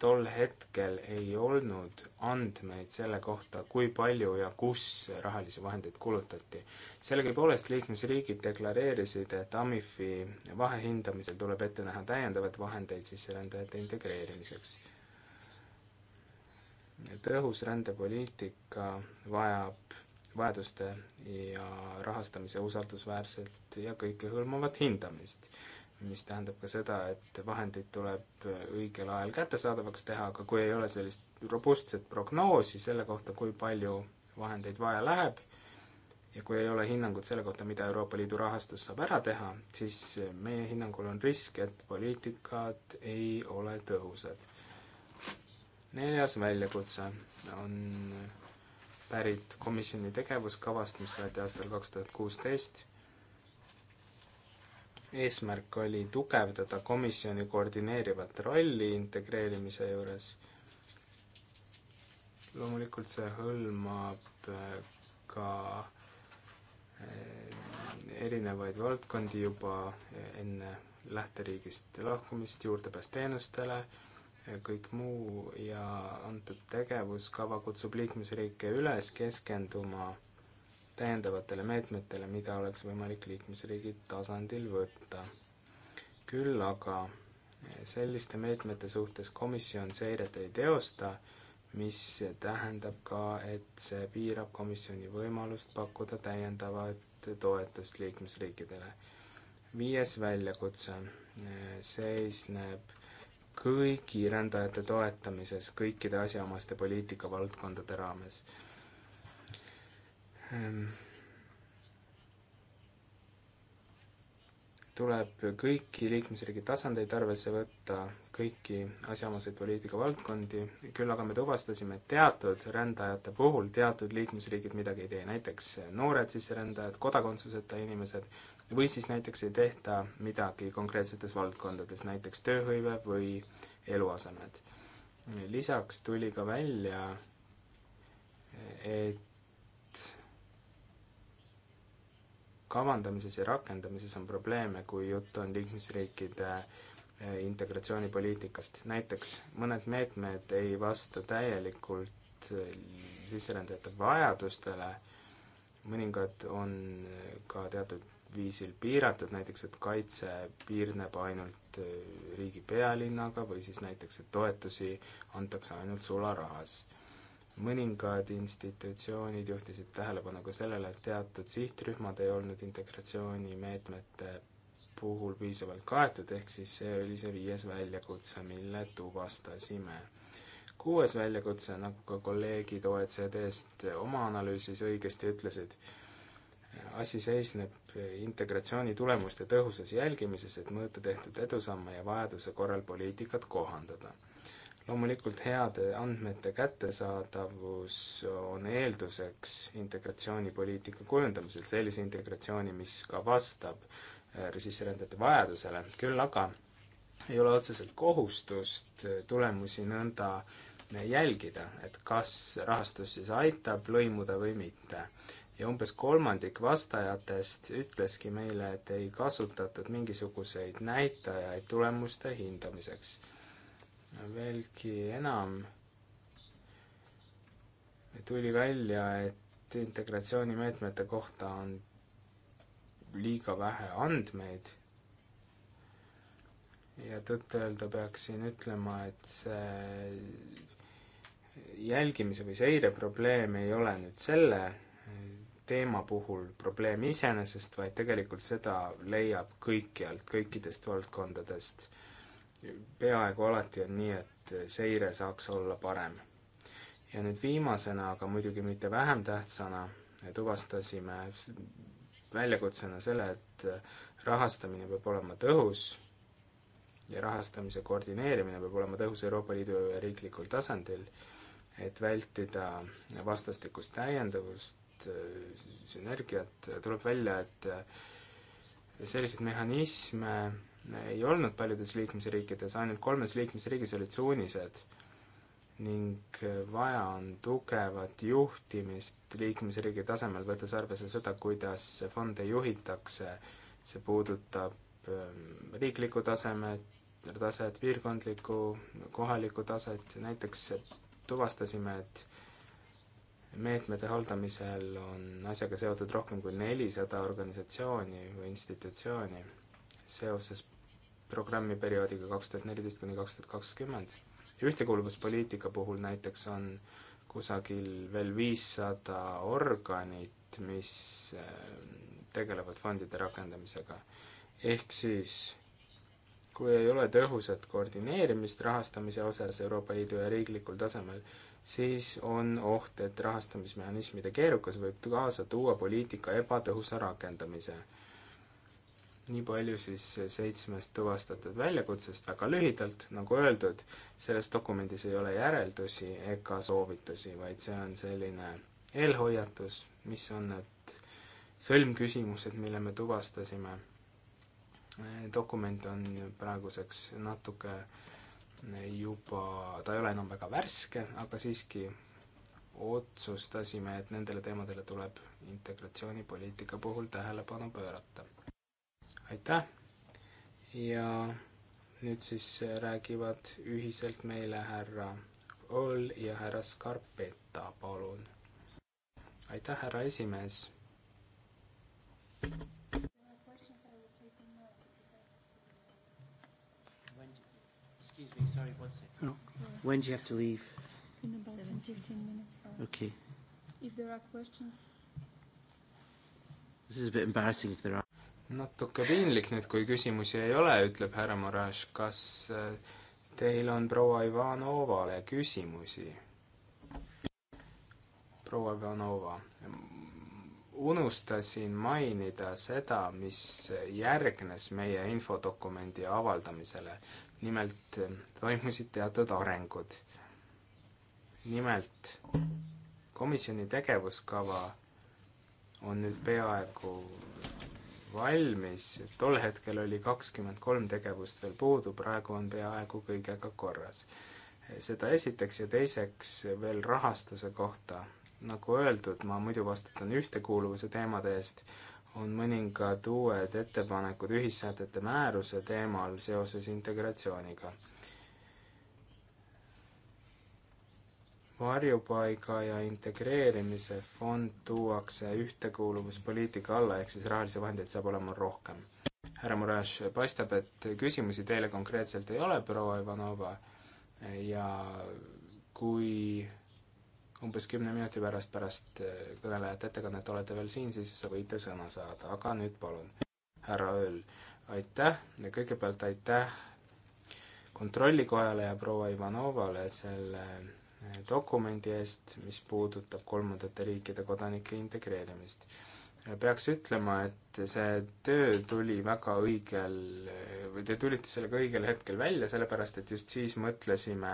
S3: tol hetkel ei olnud andmeid selle kohta, kui palju ja kus rahalisi vahendeid kulutati. sellegipoolest liikmesriigid deklareerisid, et AMIF-i vahehindamisel tuleb ette näha täiendavaid vahendeid sisserändajate integreerimiseks. tõhus rändepoliitika vajab vajaduste ja rahastamise usaldusväärset ja kõikehõlmavat hindamist mis tähendab ka seda, et vahendid tuleb äh, õigel ajal kättesaadavaks teha, aga kui ei ole sellist robustset prognoosi selle kohta, kui palju vahendeid vaja läheb, ja kui ei ole hinnangut selle kohta, mida Euroopa Liidu rahastus saab ära teha, siis meie hinnangul on risk, et poliitikad ei ole tõhusad. neljas väljakutse on pärit komisjoni tegevuskavast, mis võeti aastal kaks tuhat kuusteist eesmärk oli tugevdada komisjoni koordineerivat rolli integreerimise juures. loomulikult see hõlmab äh, ka äh, erinevaid valdkondi juba äh, enne lähteriigist lahkumist, juurdepääs teenustele, kõik muu ja antud tegevuskava kutsub liikmesriike üles keskenduma täiendavatele meetmetele, mida oleks võimalik liikmesriigi tasandil võtta. küll aga eh, selliste meetmete suhtes komisjon seiret ei teosta, mis tähendab ka, et see piirab komisjoni võimalust pakkuda täiendavat toetust liikmesriikidele. viies väljakutse eh, seisneb kõigi rändajate toetamises kõikide asjaomaste poliitikavaldkondade raames Ehm, tuleb kõiki liikmesriigi tasandeid arvesse võtta, kõiki asjaomaseid poliitikavaldkondi, küll aga me tuvastasime, et teatud rändajate puhul teatud liikmesriigid midagi ei tee, näiteks noored sisserändajad, kodakondsuseta inimesed, või siis näiteks ei tehta midagi konkreetsetes valdkondades, näiteks tööhõive või eluasemed. lisaks tuli ka välja, et kavandamises ja rakendamises on probleeme, kui jutt on liikmesriikide eh, integratsioonipoliitikast. näiteks mõned meetmed ei vasta täielikult eh, sisserändajate vajadustele, mõningad on eh, ka teatud viisil piiratud, näiteks et kaitse piirneb ainult riigi pealinnaga või siis näiteks, et toetusi antakse ainult sularahas mõningad institutsioonid juhtisid tähelepanu ka sellele, et teatud sihtrühmad ei olnud integratsioonimeetmete puhul piisavalt kaetud, ehk siis see oli see viies väljakutse, mille tuvastasime. kuues väljakutse, nagu ka kolleegid OECD-st oma analüüsis õigesti ütlesid, asi seisneb integratsiooni tulemuste tõhusas jälgimises, et mõõta tehtud edusamme ja vajaduse korral poliitikat kohandada loomulikult heade andmete kättesaadavus on eelduseks integratsioonipoliitika kujundamisel, sellise integratsiooni, mis ka vastab äh, sisserändajate vajadusele, küll aga ei ole otseselt kohustust äh, tulemusi nõnda jälgida, et kas rahastus siis aitab lõimuda või mitte. ja umbes kolmandik vastajatest ütleski meile, et ei kasutatud mingisuguseid näitajaid tulemuste hindamiseks veelgi enam tuli välja, et integratsioonimeetmete kohta on liiga vähe andmeid ja tõtt-öelda peaksin ütlema, et see jälgimise või seire probleem ei ole nüüd selle teema puhul probleem iseenesest, vaid tegelikult seda leiab kõikjalt, kõikidest valdkondadest äh, peaaegu alati on nii, et seire saaks olla parem. ja nüüd viimasena, aga muidugi mitte vähem tähtsana, tuvastasime väljakutsena selle, et rahastamine peab olema tõhus ja rahastamise koordineerimine peab olema tõhus Euroopa Liidu ja riiklikul tasandil, et vältida vastastikust täiendavust, sünergiat, tuleb välja, et selliseid mehhanisme ei olnud paljudes liikmesriikides, ainult kolmes liikmesriigis olid suunised ning äh, vaja on tugevat juhtimist liikmesriigi tasemel, võttes arvesse seda, kuidas fonde juhitakse. see puudutab ähm, riiklikku tasemet, taset, piirkondlikku, kohalikku taset, näiteks tuvastasime, et meetmete haldamisel on asjaga seotud rohkem kui nelisada organisatsiooni või institutsiooni seoses programmi perioodiga kaks tuhat neliteist kuni kaks tuhat kakskümmend. ühtekuuluvuspoliitika puhul näiteks on kusagil veel viissada organit, mis äh, tegelevad fondide rakendamisega. ehk siis kui ei ole tõhusat koordineerimist rahastamise osas Euroopa Liidu ja riiklikul tasemel, siis on oht, et rahastamismehhanismide keerukus võib kaasa tuua poliitika ebatõhusa rakendamise nii palju siis seitsmest tuvastatud väljakutsest, väga lühidalt, nagu öeldud, selles dokumendis ei ole järeldusi ega soovitusi, vaid see on selline eelhoiatus, mis on need sõlmküsimused, mille me tuvastasime. Eh, dokument on praeguseks natuke eh, juba, ta ei ole enam väga värske, aga siiski otsustasime, et nendele teemadele tuleb integratsioonipoliitika puhul tähelepanu pöörata aitäh ja nüüd siis räägivad ühiselt meile härra Oll ja härra Scarpetta, palun. aitäh, härra esimees.
S2: Excuse me, sorry, one second. No. When do you have to leave?
S4: In about 10, 15 minutes. Sorry. Okay. If there are questions.
S3: This is a bit embarrassing if there are natuke piinlik nüüd, kui küsimusi ei ole, ütleb härra Moraš, kas äh, teil on proua Ivanovale küsimusi? proua Ivanova, unustasin mainida seda, mis järgnes meie infodokumendi avaldamisele. nimelt äh, toimusid teatud arengud. nimelt komisjoni tegevuskava on nüüd peaaegu valmis, tol hetkel oli kakskümmend kolm tegevust veel puudu, praegu on peaaegu kõigega korras. seda esiteks ja teiseks veel rahastuse kohta. nagu öeldud, ma muidu vastutan ühtekuuluvuse teemade eest, on mõningad uued ettepanekud ühissätete määruse teemal seoses integratsiooniga varjupaiga ja integreerimise fond tuuakse ühtekuuluvuspoliitika alla, ehk siis rahalisi vahendeid saab olema rohkem. härra Murash, paistab, et küsimusi teile konkreetselt ei ole, proua Ivanova, ja kui umbes kümne minuti pärast, pärast kõnelejate ettekannet olete veel siin, siis võite sõna saada, aga nüüd palun, härra Ööl, aitäh ja kõigepealt aitäh kontrollikojale ja proua Ivanovale selle dokumendi eest, mis puudutab kolmandate riikide kodanike integreerimist. peaks ütlema, et see töö tuli väga õigel, või te tulite sellega õigel hetkel välja, sellepärast et just siis mõtlesime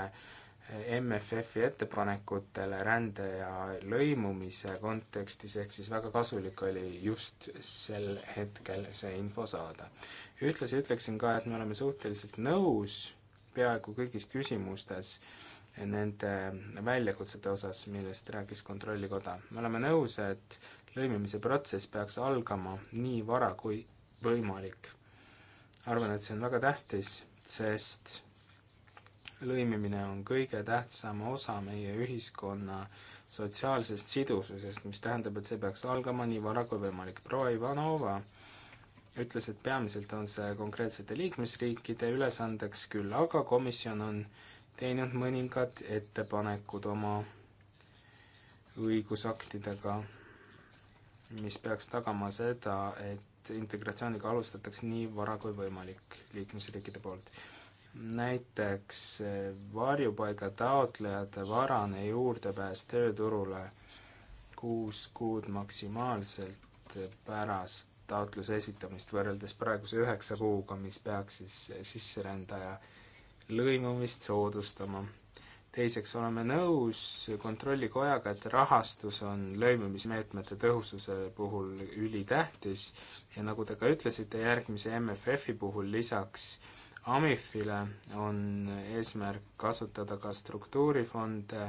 S3: MFF-i ettepanekutele rände ja lõimumise kontekstis, ehk siis väga kasulik oli just sel hetkel see info saada. ühtlasi ütleksin ka, et me oleme suhteliselt nõus peaaegu kõigis küsimustes äh, nende väljakutsete osas, millest rääkis Kontrollikoda. me oleme nõus, et lõimimise protsess peaks algama nii vara kui võimalik. arvan, et see on väga tähtis, sest lõimimine on kõige tähtsam osa meie ühiskonna sotsiaalsest sidususest, mis tähendab, et see peaks algama nii vara kui võimalik. proua Ivanova ütles, et peamiselt on see konkreetsete liikmesriikide ülesandeks, küll aga komisjon on äh, teinud mõningad ettepanekud oma õigusaktidega, mis peaks tagama seda, et integratsiooniga alustataks nii vara kui võimalik liikmesriikide poolt. näiteks eh, varjupaiga taotlejate varane juurdepääs tööturule kuus kuud maksimaalselt pärast taotluse esitamist, võrreldes praeguse üheksa kuuga, mis peaks siis sisserändaja äh, lõimumist soodustama. teiseks oleme nõus Kontrollikojaga, et rahastus on lõimumismeetmete tõhususe puhul ülitähtis ja nagu te ka ütlesite, järgmise MFF-i puhul lisaks AMIF-ile on eesmärk kasutada ka struktuurifonde,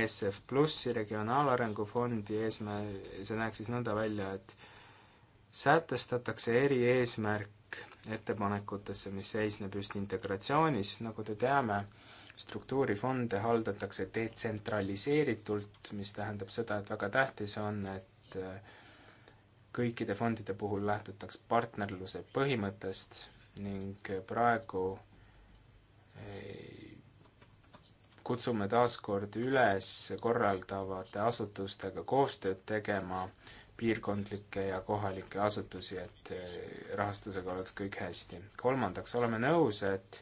S3: ESF Plussi, Regionaalarengu Fondi eesmär-, see näeks siis nõnda välja, et sätestatakse erieesmärk ettepanekutesse, mis seisneb just integratsioonis, nagu te teame, struktuurifonde haldatakse detsentraliseeritult, mis tähendab seda, et väga tähtis on, et äh, kõikide fondide puhul lähtutaks partnerluse põhimõttest ning praegu äh, kutsume taas kord üles korraldavate asutustega koostööd tegema piirkondlikke ja kohalikke asutusi, et eh, rahastusega oleks kõik hästi. kolmandaks, oleme nõus, et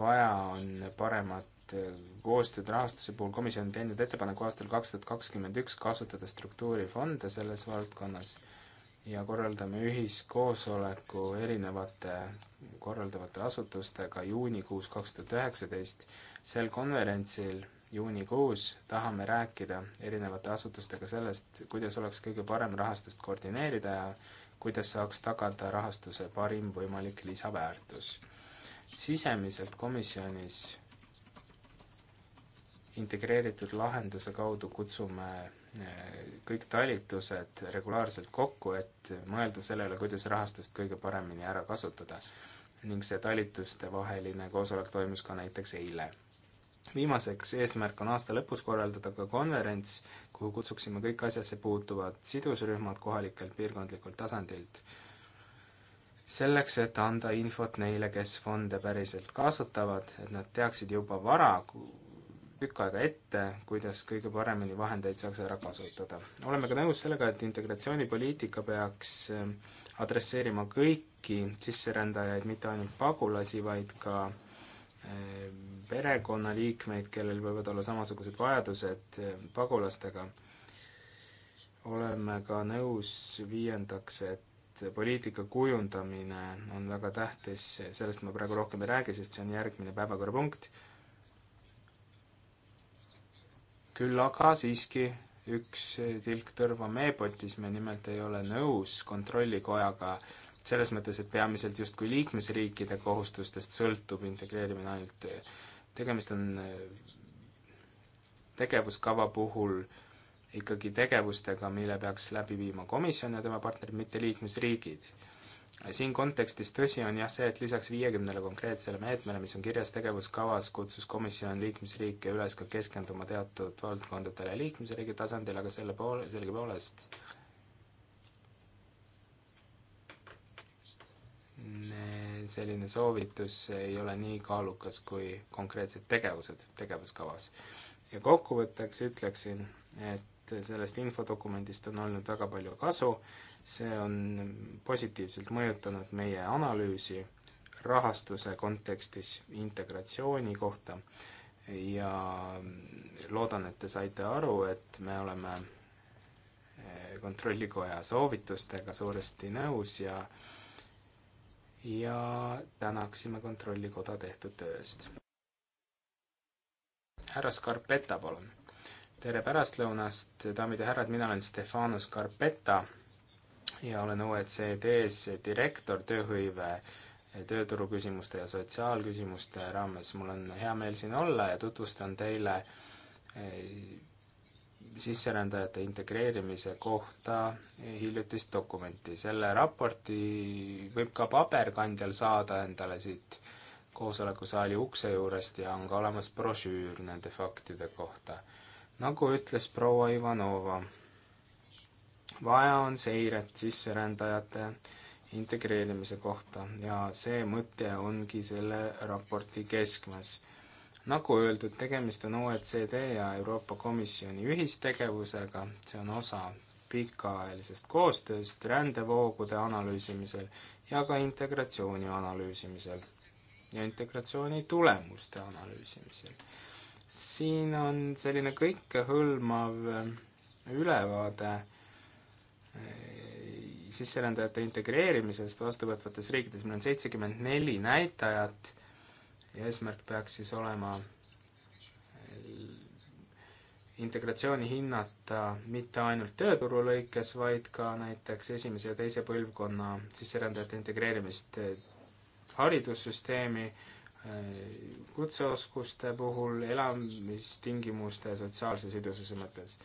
S3: vaja on paremat eh, koostööd rahastuse puhul. komisjon on teinud ettepaneku aastal kaks tuhat kakskümmend üks kasutada struktuurifonde selles valdkonnas ja korraldame ühiskoosoleku erinevate korraldavate asutustega juunikuus kaks tuhat üheksateist. sel konverentsil juunikuus tahame rääkida erinevate asutustega sellest, kuidas oleks kõige parem rahastust koordineerida ja kuidas saaks tagada rahastuse parim võimalik lisaväärtus. sisemiselt komisjonis integreeritud lahenduse kaudu kutsume eh, kõik talitused regulaarselt kokku, et mõelda sellele, kuidas rahastust kõige paremini ära kasutada. ning see talituste vaheline koosolek toimus ka näiteks eile viimaseks eesmärk on aasta lõpus korraldada ka konverents, kuhu kutsuksime kõik asjasse puutuvad sidusrühmad kohalikelt piirkondlikult tasandilt. selleks, et anda infot neile, kes fonde päriselt kasutavad, et nad teaksid juba vara, tükk aega ette, kuidas kõige paremini vahendeid saaks ära kasutada. oleme ka nõus sellega, et integratsioonipoliitika peaks ähm, adresseerima kõiki sisserändajaid, mitte ainult pagulasi, vaid ka ähm, perekonnaliikmeid, kellel võivad olla samasugused vajadused eh, pagulastega. oleme ka nõus viiendaks, et poliitika kujundamine on väga tähtis, sellest ma praegu rohkem ei räägi, sest see on järgmine päevakorrapunkt. küll aga siiski üks tilk tõrva meepotis, me nimelt ei ole nõus kontrollikojaga selles mõttes, et peamiselt justkui liikmesriikide kohustustest sõltub integreerimine ainult tegemist on äh, tegevuskava puhul ikkagi tegevustega, mille peaks läbi viima komisjon ja tema partnerid, mitte liikmesriigid. siin kontekstis tõsi on jah see, et lisaks viiekümnele konkreetsele meetmele, mis on kirjas tegevuskavas, kutsus komisjon liikmesriike üles ka keskenduma teatud valdkondadele liikmesriigi tasandil, aga selle poole, sellegipoolest selline soovitus ei ole nii kaalukas kui konkreetsed tegevused tegevuskavas. ja kokkuvõtteks ütleksin, et sellest infodokumendist on olnud väga palju kasu, see on positiivselt mõjutanud meie analüüsi rahastuse kontekstis integratsiooni kohta ja loodan, et te saite aru, et me oleme eh, kontrollikoja soovitustega suuresti nõus ja äh, ja tänaksime Kontrollikoda tehtud töö eest. härra Scarpetta, palun. tere pärastlõunast, daamid ja härrad, mina olen Stefano Scarpetta ja olen OECD-s direktor tööhõive tööturuküsimuste ja sotsiaalküsimuste raames. mul on hea meel siin olla ja tutvustan teile eh, sisserändajate integreerimise kohta hiljutist dokumenti. selle raporti võib ka paberkandjal saada endale siit koosolekusaali ukse juurest ja on ka olemas brošüür nende faktide kohta. nagu ütles proua Ivanova, vaja on seiret sisserändajate integreerimise kohta ja see mõte ongi selle raporti keskmes nagu öeldud, tegemist on OECD ja Euroopa Komisjoni ühistegevusega, see on osa pikaajalisest koostööst rändevoogude analüüsimisel ja ka integratsiooni analüüsimisel ja integratsiooni tulemuste analüüsimisel. siin on selline kõikehõlmav eh, ülevaade eh, sisserändajate integreerimisest vastuvõtvates riikides, meil on seitsekümmend neli näitajat ja eesmärk peaks siis olema integratsiooni hinnata mitte ainult tööturu lõikes, vaid ka näiteks esimese ja teise põlvkonna sisserändajate integreerimist haridussüsteemi, kutseoskuste puhul, elamistingimuste ja sotsiaalse sidususe mõttes.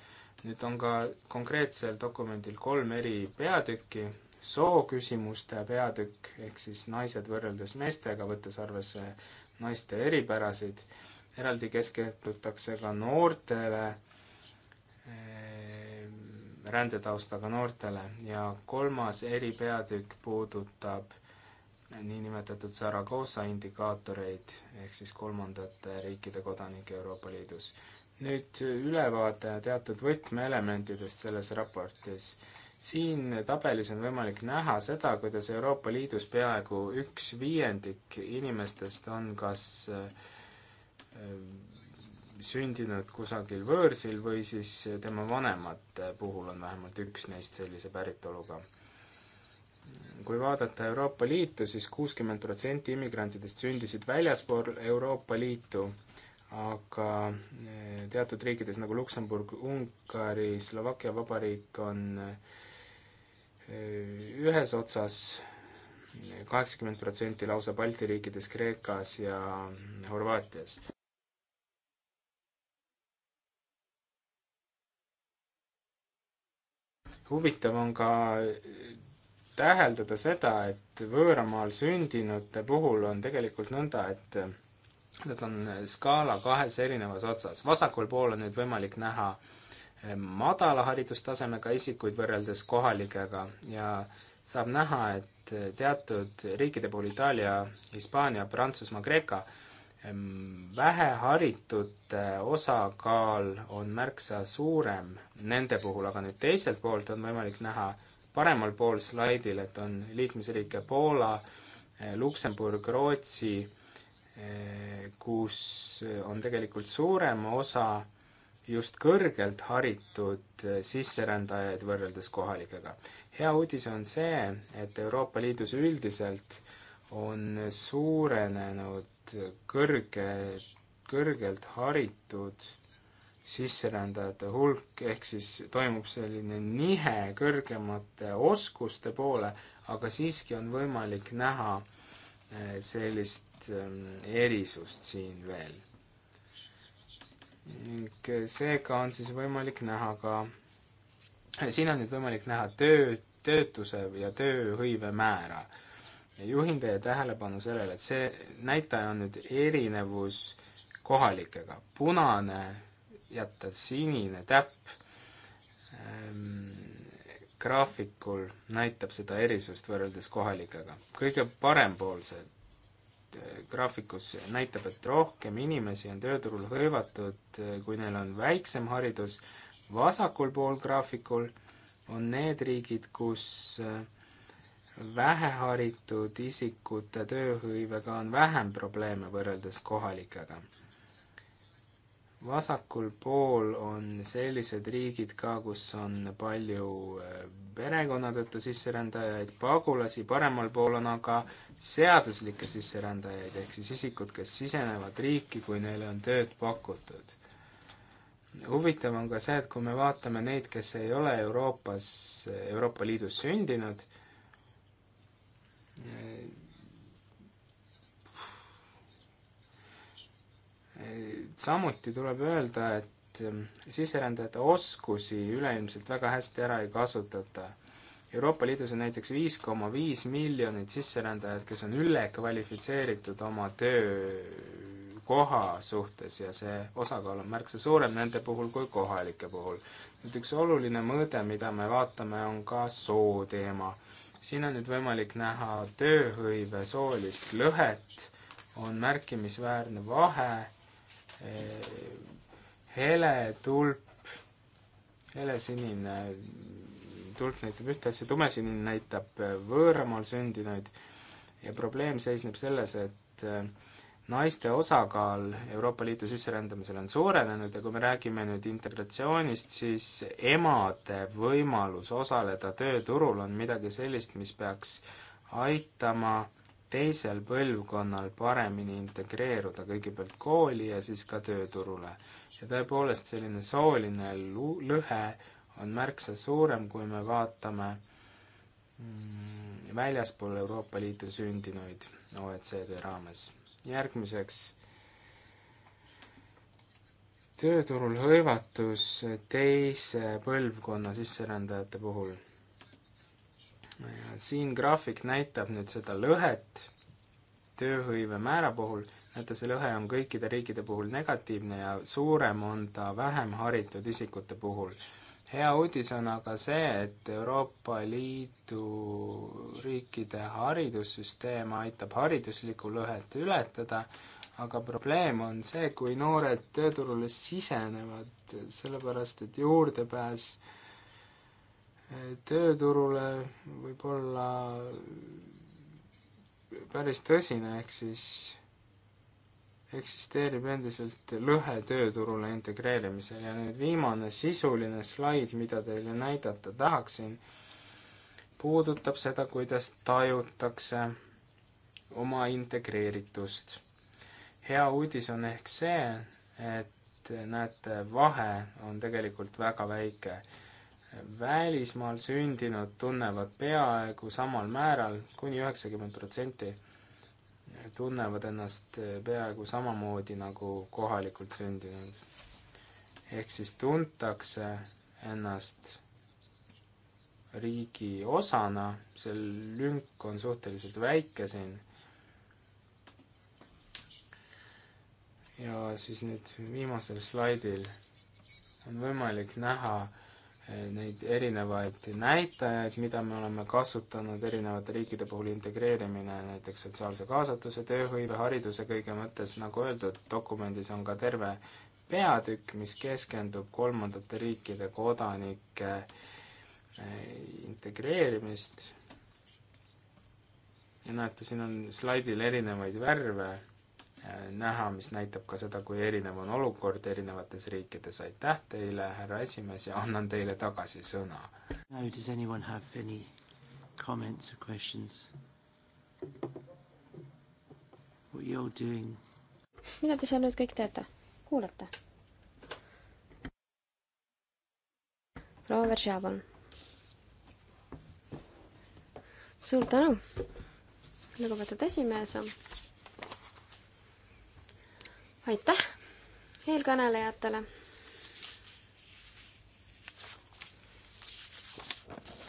S3: nüüd on ka konkreetsel dokumendil kolm eri peatükki, sooküsimuste peatükk ehk siis naised võrreldes meestega, võttes arvesse naiste eripärasid. eraldi keskendutakse ka noortele, ehm, rändetaustaga noortele ja kolmas eripeatükk puudutab niinimetatud Zaragoza indikaatoreid ehk siis kolmandate riikide kodanike Euroopa Liidus. nüüd ülevaade teatud võtmeelementidest selles raportis siin tabelis on võimalik näha seda, kuidas Euroopa Liidus peaaegu üks viiendik inimestest on kas äh, sündinud kusagil võõrsil või siis tema vanemate puhul on vähemalt üks neist sellise päritoluga kui vaadata Euroopa Liitu siis, siis kuuskümmend protsenti immigrantidest sündisid väljaspool Euroopa Liitu, aga äh, teatud riikides nagu Luksemburg, Ungari, Slovakkia Vabariik on äh, ühes otsas kaheksakümmend protsenti lausa Balti riikides, Kreekas ja Horvaatias. huvitav on ka täheldada seda, et võõramaal sündinute puhul on tegelikult nõnda, et nad on skaala kahes erinevas otsas. vasakul pool on nüüd võimalik näha äh, madala haridustasemega isikuid võrreldes kohalikega ja saab näha, et teatud riikide puhul Itaalia, Hispaania, Prantsusmaa, Kreeka väheharitute osakaal on märksa suurem nende puhul, aga nüüd teiselt poolt on võimalik näha paremal pool slaidil, et on liikmesriike Poola, eh, Luksemburg, Rootsi, eh, kus on tegelikult suurem osa just kõrgelt haritud sisserändajaid võrreldes kohalikega. hea uudis on see, et Euroopa Liidus üldiselt on suurenenud kõrge, kõrgelt haritud sisserändajate hulk, ehk siis toimub selline nihe kõrgemate oskuste poole, aga siiski on võimalik näha eh, sellist eh, erisust siin veel ning seega on siis võimalik näha ka, siin on nüüd võimalik näha töö, töötuse ja tööhõive määra. juhin teie tähelepanu sellele, et see näitaja on nüüd erinevus kohalikega. punane jätta sinine täpp ähm, graafikul näitab seda erisust võrreldes kohalikega. kõige parempoolsed graafikus näitab, et rohkem inimesi on tööturul hõivatud, kui neil on väiksem haridus. vasakul pool graafikul on need riigid, kus äh, väheharitud isikute tööhõivega on vähem probleeme võrreldes kohalikega vasakul pool on sellised riigid ka, kus on palju äh, perekonna tõttu sisserändajaid, pagulasi, paremal pool on aga seaduslikke sisserändajaid, ehk siis isikud, kes sisenevad riiki, kui neile on tööd pakutud. huvitav on ka see, et kui me vaatame neid, kes ei ole Euroopas, Euroopa Liidus sündinud, samuti tuleb öelda, et ähm, sisserändajate oskusi üleilmselt väga hästi ära ei kasutata. Euroopa Liidus on näiteks viis koma viis miljonit sisserändajat, kes on ülekvalifitseeritud oma töökoha suhtes ja see osakaal on märksa suurem nende puhul kui kohalike puhul. nüüd üks oluline mõõde, mida me vaatame, on ka soo teema siin on nüüd võimalik näha tööhõive soolist lõhet, on märkimisväärne vahe Eh, hele tulp, helesinine tulp näitab ühte asja, tumesinine näitab eh, võõramaal sündinuid ja probleem seisneb selles, et eh, naiste osakaal Euroopa Liidu sisserändamisel on suurenenud ja kui me räägime nüüd integratsioonist, siis emade võimalus osaleda tööturul on midagi sellist, mis peaks aitama äh, teisel põlvkonnal paremini integreeruda kõigepealt kooli ja siis ka tööturule. ja tõepoolest, selline sooline lõhe on märksa suurem, kui me vaatame mm, väljaspool Euroopa Liitu sündinuid OECD raames. järgmiseks tööturul hõivatus teise põlvkonna sisserändajate puhul siin graafik näitab nüüd seda lõhet tööhõive määra puhul, näete, see lõhe on kõikide riikide puhul negatiivne ja suurem on ta vähem haritud isikute puhul. hea uudis on aga see, et Euroopa Liidu riikide haridussüsteem aitab hariduslikku lõhet ületada, aga probleem on see, kui noored tööturule sisenevad, sellepärast et juurdepääs äh, tööturule võib olla päris tõsine, ehk siis eksisteerib endiselt lõhe tööturule integreerimisel ja nüüd viimane sisuline slaid, mida teile näidata tahaksin, puudutab seda, kuidas tajutakse oma integreeritust. hea uudis on ehk see, et näete, vahe on tegelikult väga väike välismaal sündinud tunnevad peaaegu samal määral kuni, kuni üheksakümmend protsenti tunnevad ennast peaaegu samamoodi nagu kohalikult sündinud. ehk siis tuntakse ennast riigi osana, see lünk on suhteliselt väike siin. ja siis nüüd viimasel slaidil on võimalik näha neid erinevaid näitajaid, mida me oleme kasutanud erinevate riikide puhul, integreerimine näiteks sotsiaalse kaasatuse, tööhõive, hariduse kõige mõttes, nagu öeldud, dokumendis on ka terve peatükk, mis keskendub kolmandate riikide kodanike eh, integreerimist. ja näete, noh, siin on slaidil erinevaid värve Äh, näha, mis näitab ka seda, kui erinev on olukord erinevates riikides. aitäh teile, härra esimees, ja annan teile tagasi sõna.
S2: Now does anyone have any comments or questions? What you all doing?
S4: mida te seal nüüd kõik teete? kuulate? proua Veržea, palun. suur tänu, lugupeetud esimees aitäh eelkõnelejatele.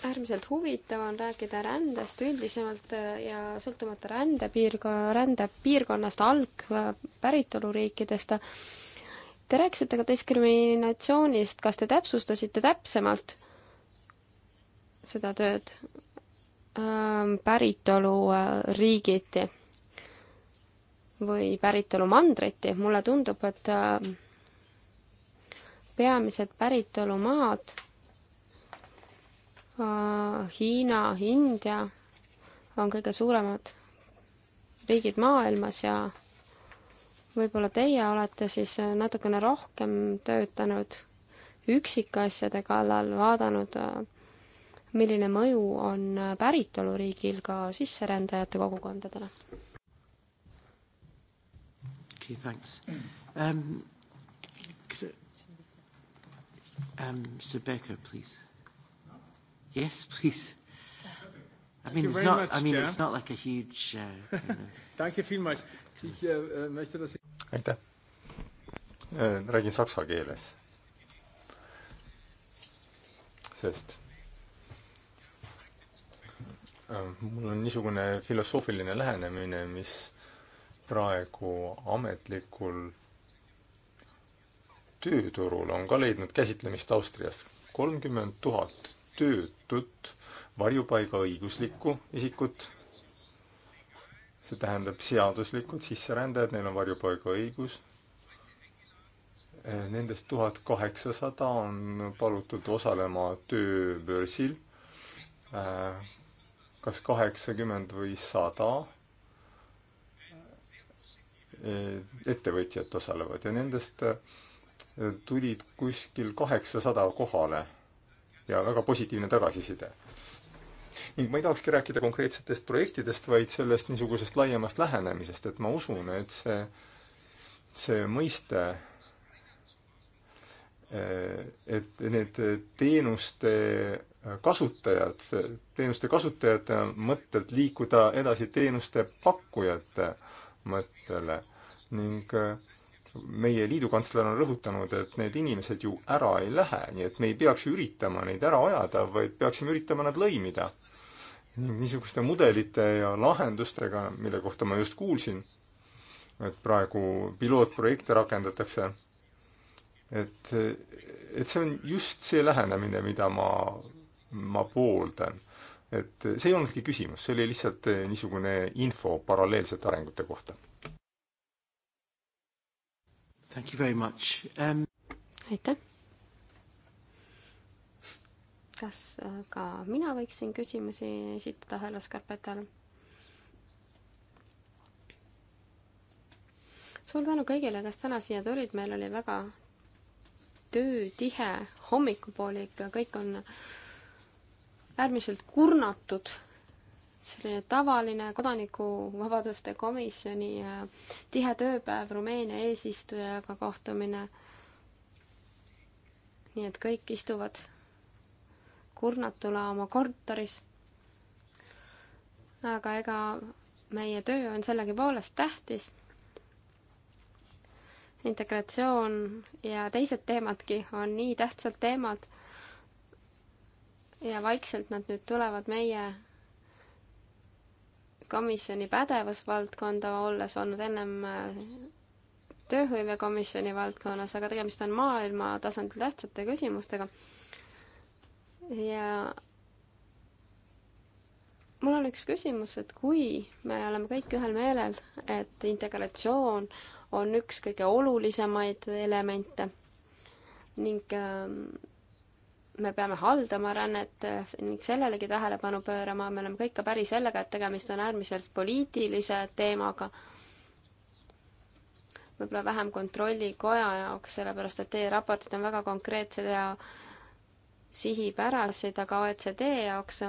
S4: äärmiselt huvitav on rääkida rändest üldisemalt ja sõltumata rändepiirkonna, rändepiirkonnast, algpäritoluriikidest. Te rääkisite ka diskriminatsioonist, kas te täpsustasite täpsemalt seda tööd päritoluriigiti? või päritolu mandriti, mulle tundub, et äh, peamised päritolumaad äh, Hiina, India on kõige suuremad riigid maailmas ja võib-olla teie olete siis natukene rohkem töötanud üksikasjade kallal, vaadanud, äh, milline mõju on päritoluriigil ka sisserändajate kogukondadele?
S2: Okay, thanks. Um, could I, um, Mr. Becker, please. Yes, please.
S1: I mean, it's not, much, I mean Chair. it's
S2: not like a huge... Uh, you know. Danke vielmals. Ich äh, möchte das... Aitäh.
S1: Räägin saksa keeles. Sest äh, mul on niisugune filosoofiline lähenemine, mis praegu ametlikul tööturul on ka leidnud käsitlemist Austrias. kolmkümmend tuhat töötut varjupaigaõiguslikku isikut, see tähendab seaduslikud sisserändajad, neil on varjupaigaõigus, nendest tuhat kaheksasada on palutud osalema tööbörsil, kas kaheksakümmend või sada Eh, ettevõtjad osalevad ja nendest eh, tulid kuskil kaheksasada kohale ja väga positiivne tagasiside. ning ma ei tahakski rääkida konkreetsetest projektidest, vaid sellest niisugusest laiemast lähenemisest, et ma usun, et see, see mõiste, eh, et need teenuste kasutajad, teenuste kasutajate mõttelt liikuda edasi teenuste pakkujate mõttele ning äh, meie liidukantsler on rõhutanud, et need inimesed ju ära ei lähe, nii et me ei peaks üritama neid ära ajada, vaid peaksime üritama nad lõimida. ning niisuguste mudelite ja lahendustega, mille kohta ma just kuulsin, et praegu pilootprojekte rakendatakse, et, et see on just see lähenemine, mida ma, ma pooldan. et see ei olnudki küsimus, see oli lihtsalt äh, niisugune info paralleelsete arengute kohta
S2: Thank you very much um....
S4: aitäh. kas äh, ka mina võiksin küsimusi esitada härra Skarpetale? suur tänu kõigile, kes täna siia tulid, meil oli väga töötihe hommikupoolik, kõik on äärmiselt kurnatud selline tavaline kodanikuvabaduste komisjoni äh, tihe tööpäev Rumeenia eesistujaga kohtumine. nii et kõik istuvad kurnatuna oma korteris. aga ega meie töö on sellegipoolest tähtis. integratsioon ja teised teemadki on nii tähtsad teemad. ja vaikselt nad nüüd tulevad meie komisjoni pädevusvaldkonda, olles olnud ennem äh, tööhõivekomisjoni valdkonnas, aga tegemist on maailma tasandil tähtsate küsimustega. ja mul on üks küsimus, et kui me oleme kõik ühel meelel, et integratsioon on üks kõige olulisemaid elemente ning ähm, me peame haldama rännet eh, ning sellelegi tähelepanu pöörama, me oleme kõik ka päri sellega, et tegemist on äärmiselt poliitilise teemaga. võib-olla vähem kontrolli koja jaoks, sellepärast et teie raportid on väga konkreetsed ja sihipärased, aga OECD jaoks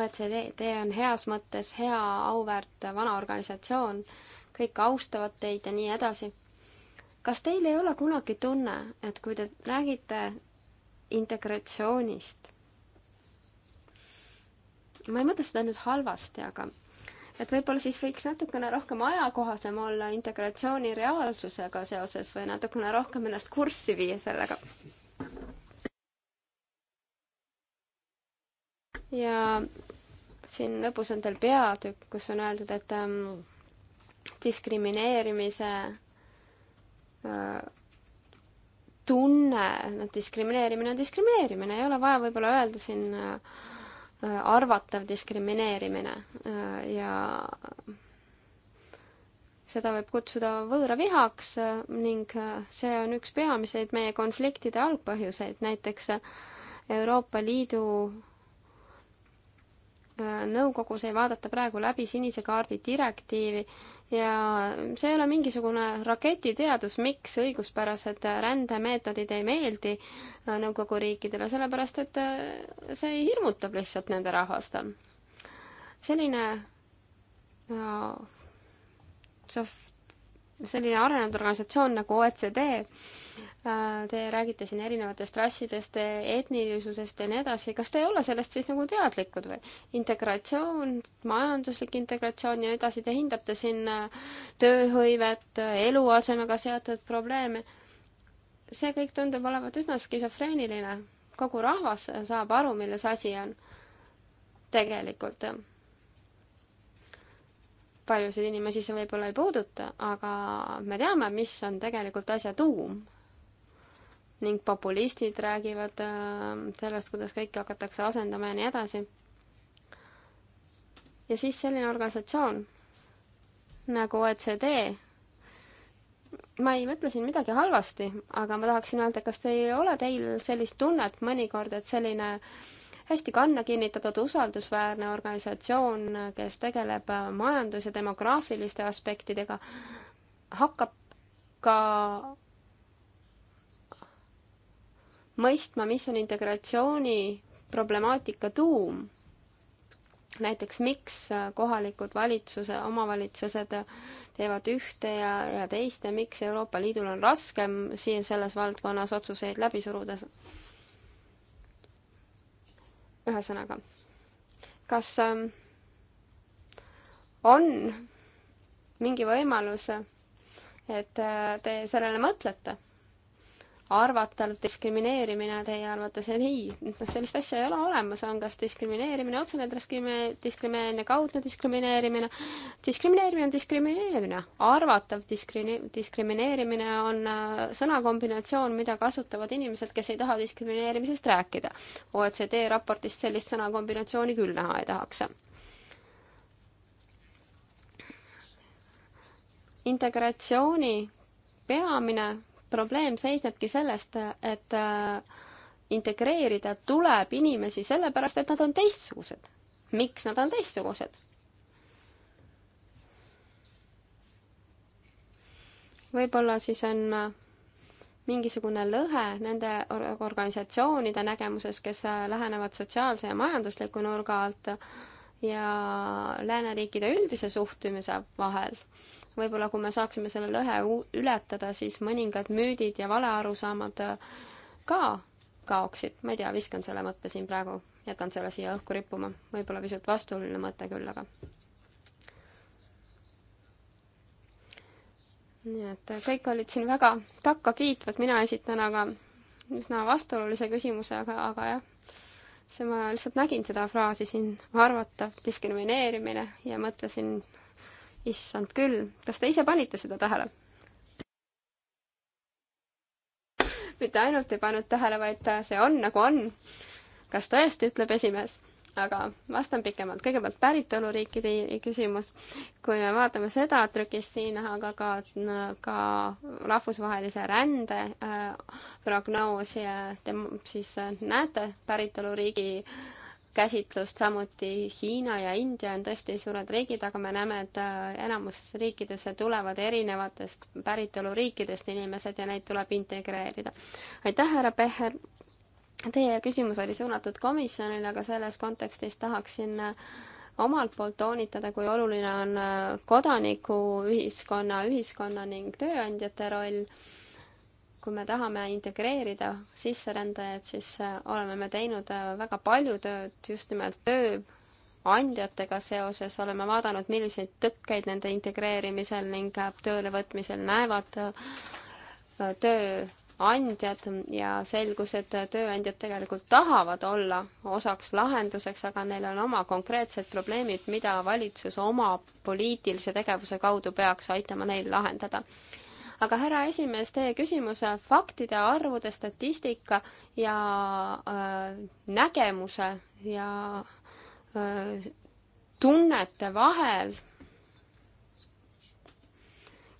S4: OECD on heas mõttes hea, auväärt, vana organisatsioon, kõik austavad teid ja nii edasi kas teil ei ole kunagi tunne, et kui te räägite integratsioonist, ma ei mõtle seda nüüd halvasti, aga et võib-olla siis võiks natukene rohkem ajakohasem olla integratsiooni reaalsusega seoses või natukene rohkem ennast kurssi viia sellega. ja siin lõpus on teil peatükk, kus on öeldud, et ähm, diskrimineerimise tunne, et diskrimineerimine on diskrimineerimine, ei ole vaja võib-olla öelda siin äh, arvatav diskrimineerimine äh, ja seda võib kutsuda võõra vihaks äh, ning see on üks peamiseid meie konfliktide algpõhjuseid, näiteks Euroopa Liidu nõukogus ei vaadata praegu läbi sinise kaardi direktiivi ja see ei ole mingisugune raketiteadus, miks õiguspärased rändemeetodid ei meeldi äh, nõukogu riikidele, sellepärast et äh, see hirmutab lihtsalt nende rahvast. selline äh, selline arenenud organisatsioon nagu OECD Äh, te räägite siin erinevatest rassidest, etnilisusest ja nii edasi, kas te ei ole sellest siis nagu teadlikud või? integratsioon, majanduslik integratsioon ja nii edasi, te hindate siin äh, tööhõivet, äh, eluasemega seotud probleeme. see kõik tundub olevat üsna skisofreeniline. kogu rahvas saab aru, milles asi on tegelikult paljusid inimesi see võib-olla ei puuduta, aga me teame, mis on tegelikult asja tuum ning populistid räägivad äh, sellest, kuidas kõike hakatakse asendama ja nii edasi. ja siis selline organisatsioon nagu OECD, ma ei mõtle siin midagi halvasti, aga ma tahaksin öelda, kas ei ole teil sellist tunnet mõnikord, et selline hästi kanna kinnitatud usaldusväärne organisatsioon, kes tegeleb äh, majandus- ja demograafiliste aspektidega, hakkab ka mõistma, mis on integratsiooni problemaatika tuum. näiteks miks äh, kohalikud valitsuse, omavalitsused äh, teevad ühte ja, ja teist ja miks Euroopa Liidul on raskem siin selles valdkonnas otsuseid läbi suruda. ühesõnaga, kas ähm, on mingi võimalus, et äh, te sellele mõtlete? arvata, et diskrimineerimine teie arvates ei, noh, sellist asja ei ole olemas, on kas diskrimineerimine, otsene diskrimineerimine, kaudne diskrimineerimine. diskrimineerimine on diskrimineerimine, arvatav diskri-, diskrimineerimine on äh, sõnakombinatsioon, mida kasutavad inimesed, kes ei taha diskrimineerimisest rääkida. OECD raportist sellist sõnakombinatsiooni küll näha ei tahaks. integratsiooni peamine probleem seisnebki sellest, et äh, integreerida tuleb inimesi sellepärast, et nad on teistsugused. miks nad on teistsugused? võib-olla siis on äh, mingisugune lõhe nende organisatsioonide nägemuses, kes äh, lähenevad sotsiaalse ja majandusliku nurga alt ja lääneriikide üldise suhtumise vahel võib-olla kui me saaksime selle lõhe ületada, siis mõningad müüdid ja valearusaamad äh, ka kaoksid. ma ei tea, viskan selle mõtte siin praegu, jätan selle siia õhku rippuma. võib-olla pisut vastuoluline mõte küll, aga nii et äh, kõik olid siin väga takkakiitvad, mina esitan aga üsna vastuolulise küsimuse, aga, aga jah, see ma lihtsalt nägin seda fraasi siin, arvatav diskrimineerimine ja mõtlesin, issand küll, kas te ise panite seda tähele? mitte ainult ei pannud tähele, vaid äh, see on nagu on. kas tõesti, ütleb esimees aga vastan pikemalt. kõigepealt päritoluriikide küsimus. kui me vaatame seda trükist siin, aga ka, ka rahvusvahelise rände äh, prognoosi, äh, siis äh, näete päritoluriigi äh, käsitlust, samuti Hiina ja India on tõesti suured riigid, aga me näeme, et äh, enamus riikidesse tulevad erinevatest päritoluriikidest inimesed ja neid tuleb integreerida. aitäh, härra Peher! Teie küsimus oli suunatud komisjonile, aga selles kontekstis tahaksin äh, omalt poolt toonitada, kui oluline on äh, kodanikuühiskonna, ühiskonna ning tööandjate roll kui me tahame integreerida sisserändajaid, siis äh, oleme me teinud äh, väga palju tööd just nimelt tööandjatega seoses, oleme vaadanud, milliseid tõkkeid nende integreerimisel ning äh, töölevõtmisel näevad tööandjad ja selgus, et tööandjad tegelikult tahavad olla osaks lahenduseks, aga neil on oma konkreetsed probleemid, mida valitsus oma poliitilise tegevuse kaudu peaks aitama neil lahendada aga härra esimees, teie küsimus faktide, arvude, statistika ja äh, nägemuse ja äh, tunnete vahel,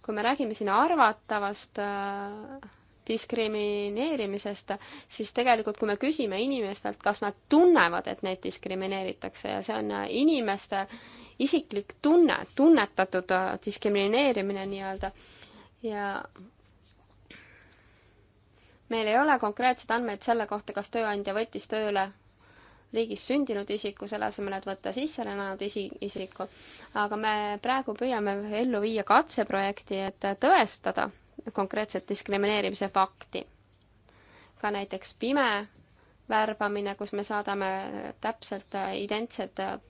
S4: kui me räägime siin arvatavast äh, diskrimineerimisest, siis tegelikult kui me küsime inimestelt, kas nad tunnevad, et neid diskrimineeritakse ja see on inimeste isiklik tunne, tunnetatud äh, diskrimineerimine nii-öelda ja meil ei ole konkreetseid andmeid selle kohta, kas tööandja võttis tööle riigis sündinud isiku, selle asemel, et võtta sisserännanud isi, isiku. aga me praegu püüame ellu viia katseprojekti, et tõestada konkreetset diskrimineerimise fakti. ka näiteks pime värbamine, kus me saadame täpselt identsed äh,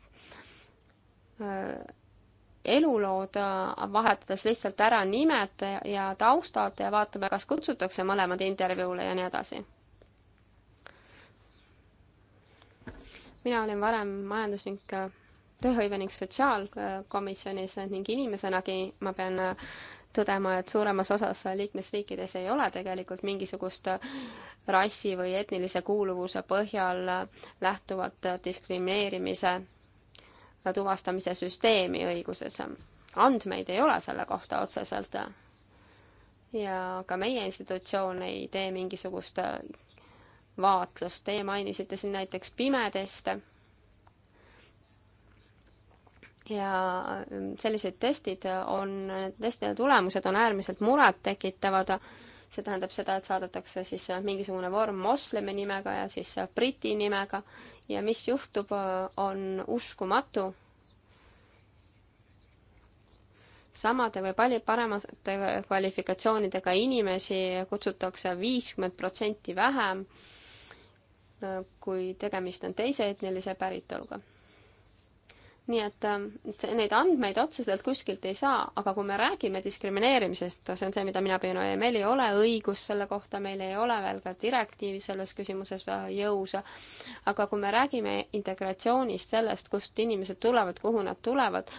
S4: elulood, vahetades lihtsalt ära nimed ja taustad ja vaatame, kas kutsutakse mõlemad intervjuule ja nii edasi. mina olin varem majandus- ning tööhõive ning sotsiaalkomisjonis ning inimesenagi ma pean tõdema, et suuremas osas liikmesriikides ei ole tegelikult mingisugust rassi või etnilise kuuluvuse põhjal lähtuvat diskrimineerimise tuvastamise süsteemi õiguses. andmeid ei ole selle kohta otseselt. ja ka meie institutsioon ei tee mingisugust vaatlust, teie mainisite siin näiteks pimeteste. ja sellised testid on, testide tulemused on äärmiselt murettekitavad see tähendab seda, et saadetakse siis mingisugune vorm moslemi nimega ja siis briti nimega ja mis juhtub, äh, on uskumatu. samade või palju paremate kvalifikatsioonidega inimesi kutsutakse viiskümmend protsenti vähem, äh, kui tegemist on teise etnilise päritoluga nii et ähm, see, neid andmeid otseselt kuskilt ei saa, aga kui me räägime diskrimineerimisest, see on see, mida mina püüan hoida, meil ei ole õigust selle kohta, meil ei ole veel ka direktiivi selles küsimuses äh, jõus, aga kui me räägime integratsioonist, sellest, kust inimesed tulevad, kuhu nad tulevad,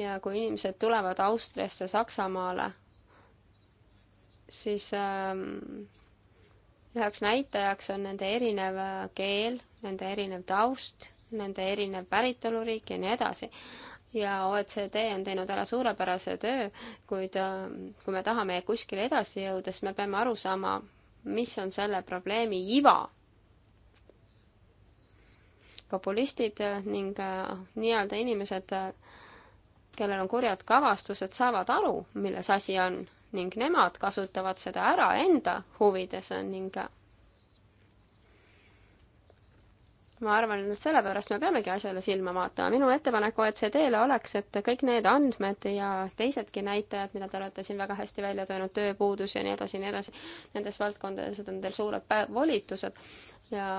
S4: ja kui inimesed tulevad Austriasse, Saksamaale, siis ähm, üheks näitajaks on nende erinev äh, keel, nende erinev taust nende erinev päritoluriik ja nii edasi. ja OECD on teinud ära suurepärase töö, kuid äh, kui me tahame kuskile edasi jõuda, siis me peame aru saama, mis on selle probleemi iva. populistid äh, ning äh, nii-öelda inimesed, kellel on kurjad kavastused, saavad aru, milles asi on ning nemad kasutavad seda ära enda huvides ning ma arvan, et sellepärast me peamegi asjale silma vaatama. minu ettepanek OECD-le oleks, et kõik need andmed ja teisedki näitajad, mida te olete siin väga hästi välja toonud, tööpuudus ja nii edasi ja nii edasi, nendes valdkondades on teil suured volitused ja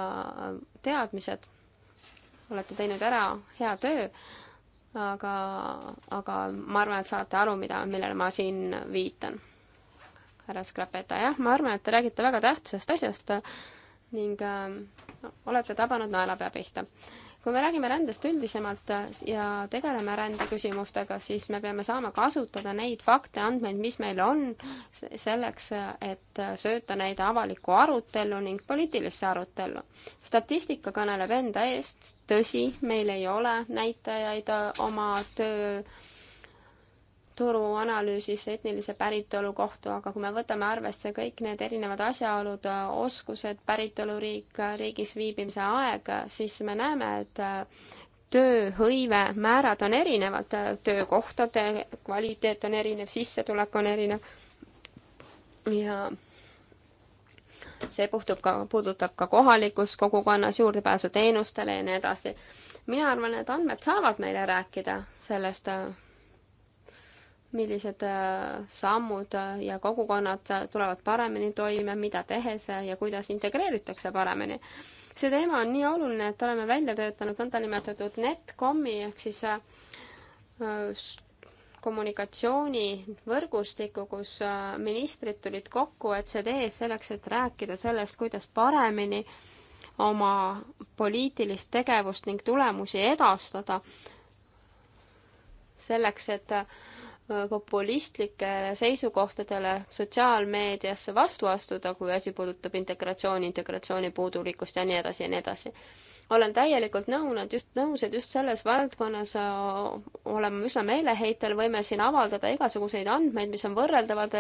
S4: teadmised. olete teinud ära hea töö, aga, aga ma arvan, et saate aru, mida, millele ma siin viitan. härra Skrapeta, jah, ma arvan, et te räägite väga tähtsast asjast ning äh, no, olete tabanud naelapea pihta. kui me räägime rändest üldisemalt äh, ja tegeleme rändeküsimustega, siis me peame saama kasutada neid fakte, andmeid, mis meil on, selleks, äh, et äh, sööta neid avalikku arutellu ning poliitilisse arutellu. statistika kõneleb enda eest, tõsi, meil ei ole näitajaid oma töö turuanalüüsis etnilise päritolu kohta, aga kui me võtame arvesse kõik need erinevad asjaolud, oskused, päritoluriik, riigis viibimise aeg, siis me näeme, et äh, tööhõive määrad on erinevad, äh, töökohtade kvaliteet on erinev, sissetulek on erinev ja see puhtub ka, puudutab ka kohalikus kogukonnas juurdepääsu teenustele ja nii edasi. mina arvan, et andmed saavad meile rääkida sellest äh, millised äh, sammud äh, ja kogukonnad äh, tulevad paremini toime, mida tehes ja kuidas integreeritakse paremini. see teema on nii oluline, et oleme välja töötanud nõndanimetatud NetComi ehk siis kommunikatsioonivõrgustiku, kus ministrid tulid kokku, et see tee selleks, et rääkida sellest, kuidas paremini oma poliitilist tegevust ning tulemusi edastada, selleks, et populistlikele seisukohtadele sotsiaalmeediasse vastu astuda, kui asi puudutab integratsiooni, integratsiooni puudulikkust ja nii edasi ja nii edasi. olen täielikult nõunud, just nõus, et just selles valdkonnas äh, oleme üsna meeleheitel, võime siin avaldada igasuguseid andmeid, mis on võrreldavad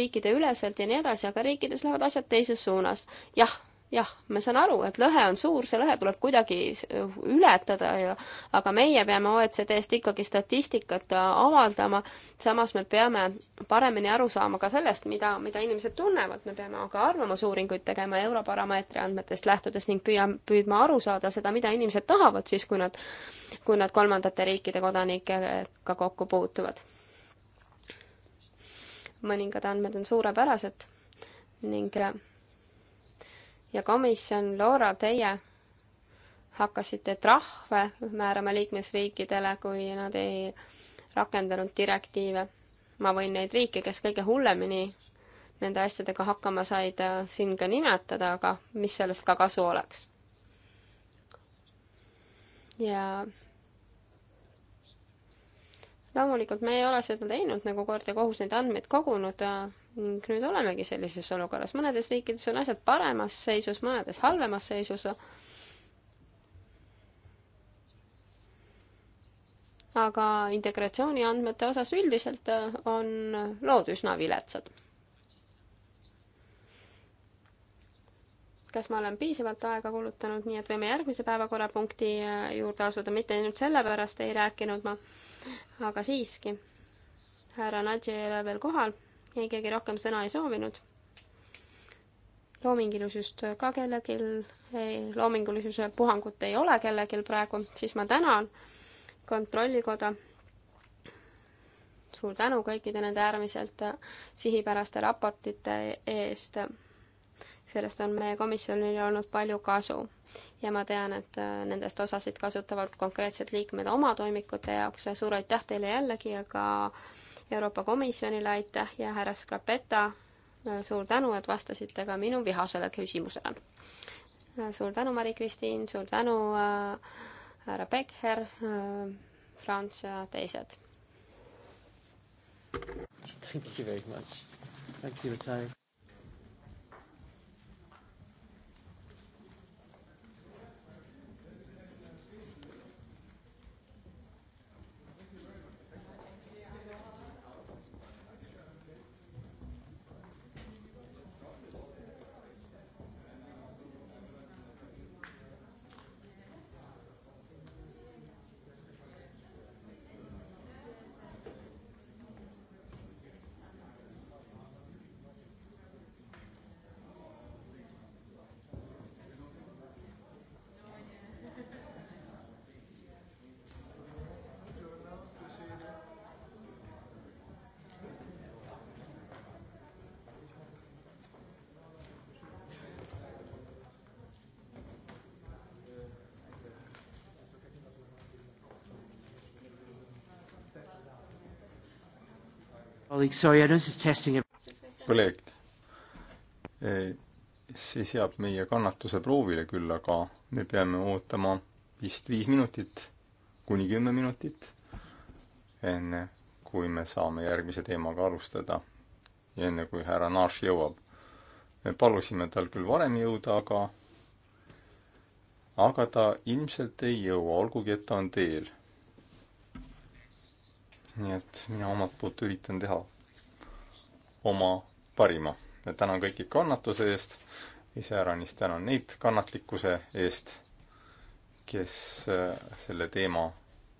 S4: riikide üleselt ja nii edasi, aga riikides lähevad asjad teises suunas. jah, jah, ma saan aru, et lõhe on suur, see lõhe tuleb kuidagi ületada ja aga meie peame OECD-st ikkagi statistikat äh, avaldama, samas me peame paremini aru saama ka sellest, mida, mida inimesed tunnevad, me peame aga arvamusuuringuid tegema Europarameetri andmetest lähtudes ning püüa, püüdma aru saada seda, mida inimesed tahavad siis, kui nad, kui nad kolmandate riikide kodanikega kokku puutuvad. mõningad andmed on suurepärased ning äh, ja komisjon, Laura, teie hakkasite trahve määrama liikmesriikidele, kui nad ei rakendanud direktiive. ma võin neid riike, kes kõige hullemini nende asjadega hakkama said, äh, siin ka nimetada, aga mis sellest ka kasu oleks? ja loomulikult me ei ole seda teinud nagu kord ja kohus neid andmeid kogunud äh, ning nüüd olemegi sellises olukorras. mõnedes riikides on asjad paremas seisus, mõnedes halvemas seisus. aga integratsiooni andmete osas üldiselt on lood üsna viletsad. kas ma olen piisavalt aega kulutanud, nii et võime järgmise päevakorrapunkti juurde asuda, mitte ainult sellepärast ei rääkinud ma, aga siiski. härra Nadži ei ole veel kohal ei, keegi rohkem sõna ei soovinud. loomingulisust ka kellelgi, loomingulisuse puhangut ei ole kellelgi praegu, siis ma tänan Kontrollikoda. suur tänu kõikide nende äärmiselt sihipäraste raportite eest. sellest on meie komisjonil olnud palju kasu ja ma tean, et nendest osasid kasutavad konkreetsed liikmed oma toimikute jaoks. suur aitäh teile jällegi, aga Euroopa Komisjonile aitäh ja härra Skrapeta, suur tänu, et vastasite ka minu vihasele küsimusele. suur tänu, Mari-Kristiin, suur tänu äh,, härra Becker äh,, Franz ja teised. Thank
S2: you very much. Thank you, Italian. colleague, sorry, I know this is testing. kolleeg, eh, see seab meie
S1: kannatuse proovile küll, aga me peame ootama vist viis minutit kuni kümme minutit, enne kui me saame järgmise teemaga alustada. ja enne kui härra Nash jõuab. me palusime tal küll varem jõuda, aga aga ta ilmselt ei jõua, olgugi et ta on teel nii et mina omalt poolt üritan teha oma parima. tänan kõiki kannatuse eest, iseäranis tänan neid kannatlikkuse eest, kes äh, selle teema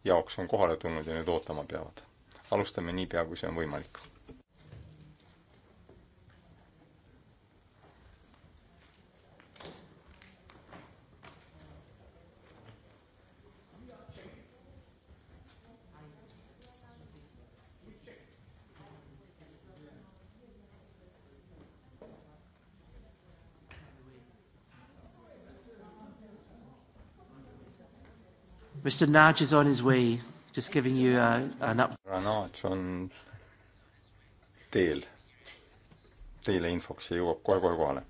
S1: jaoks on kohale tulnud ja nüüd ootama peavad. alustame niipea, kui see on võimalik
S2: Mr Nudge is on his way, just giving you a, uh, an up-. härra Nudge on
S1: teel. Teile infoks, see jõuab kohe-kohe kohale.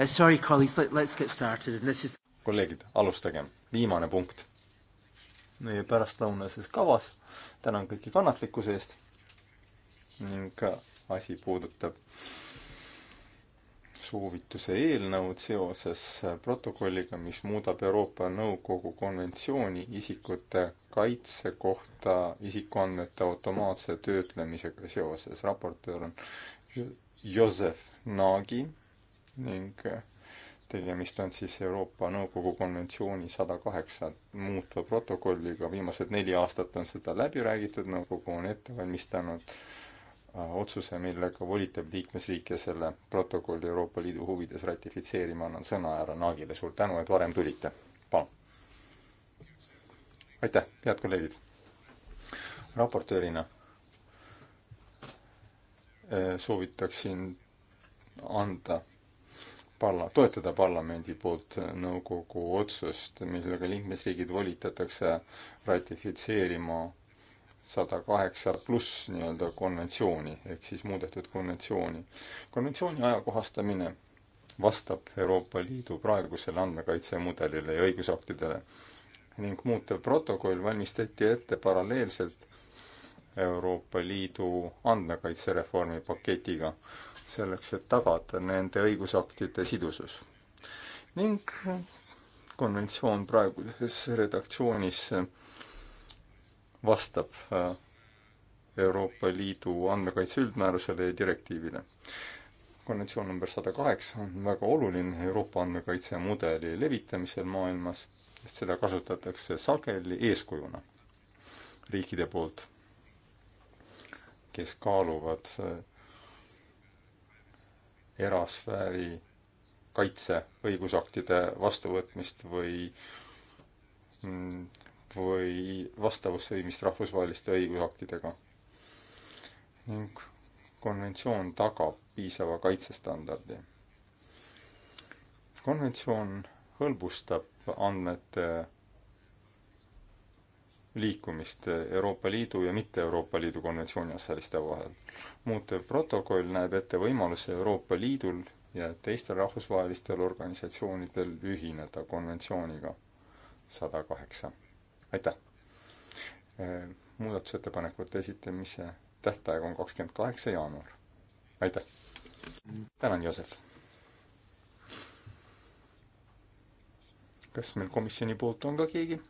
S2: Uh, sorry, colleagues, let, let's get started and this is kolleegid,
S1: alustagem, viimane punkt meie pärastlõunases kavas. tänan kõiki kannatlikkuse eest ning asi puudutab soovituse eelnõud seoses protokolliga, mis muudab Euroopa Nõukogu konventsiooni isikute kaitse kohta isikuandmete automaatse töötlemisega seoses. raportöör on Josef Naagi ning äh, tegemist on siis Euroopa Nõukogu konventsiooni sada kaheksa muutva protokolliga, viimased neli aastat on seda läbi räägitud, nõukogu on ette valmistanud äh, otsuse, millega volitab liikmesriike selle protokolli Euroopa Liidu huvides ratifitseerima, annan sõna härra Naagile, suur tänu, et varem tulite, palun. aitäh, head kolleegid. raportöörina äh, soovitaksin anda parla-, toetada parlamendi poolt nõukogu otsust, millega liikmesriigid volitatakse ratifitseerima sada kaheksa pluss nii-öelda konventsiooni, ehk siis muudetud konventsiooni. konventsiooni ajakohastamine vastab Euroopa Liidu praegusele andmekaitsemudelile ja õigusaktidele ning muutev protokoll valmistati ette paralleelselt Euroopa Liidu andmekaitsereformi paketiga selleks, et tagada nende õigusaktide sidusus. ning konventsioon praeguses redaktsioonis vastab äh, Euroopa Liidu andmekaitse üldmäärusele ja direktiivile. konventsioon number sada kaheksa on väga oluline Euroopa andmekaitsemudeli levitamisel maailmas, sest seda kasutatakse sageli eeskujuna riikide poolt, kes kaaluvad äh, erasfääri kaitse õigusaktide vastuvõtmist või, mm, või vastavussõimist rahvusvaheliste õigusaktidega. ning konventsioon tagab piisava kaitsestandardi. konventsioon hõlbustab andmete liikumist Euroopa Liidu ja mitte Euroopa Liidu konventsiooni asjaliste vahel. muutev protokoll näeb ette võimaluse Euroopa Liidul ja teistel rahvusvahelistel organisatsioonidel ühineda konventsiooniga sada kaheksa. aitäh! Äh, muudatusettepanekute esitamise tähtaeg on kakskümmend kaheksa jaanuar. aitäh! tänan, Joosep! kas meil komisjoni poolt on ka keegi?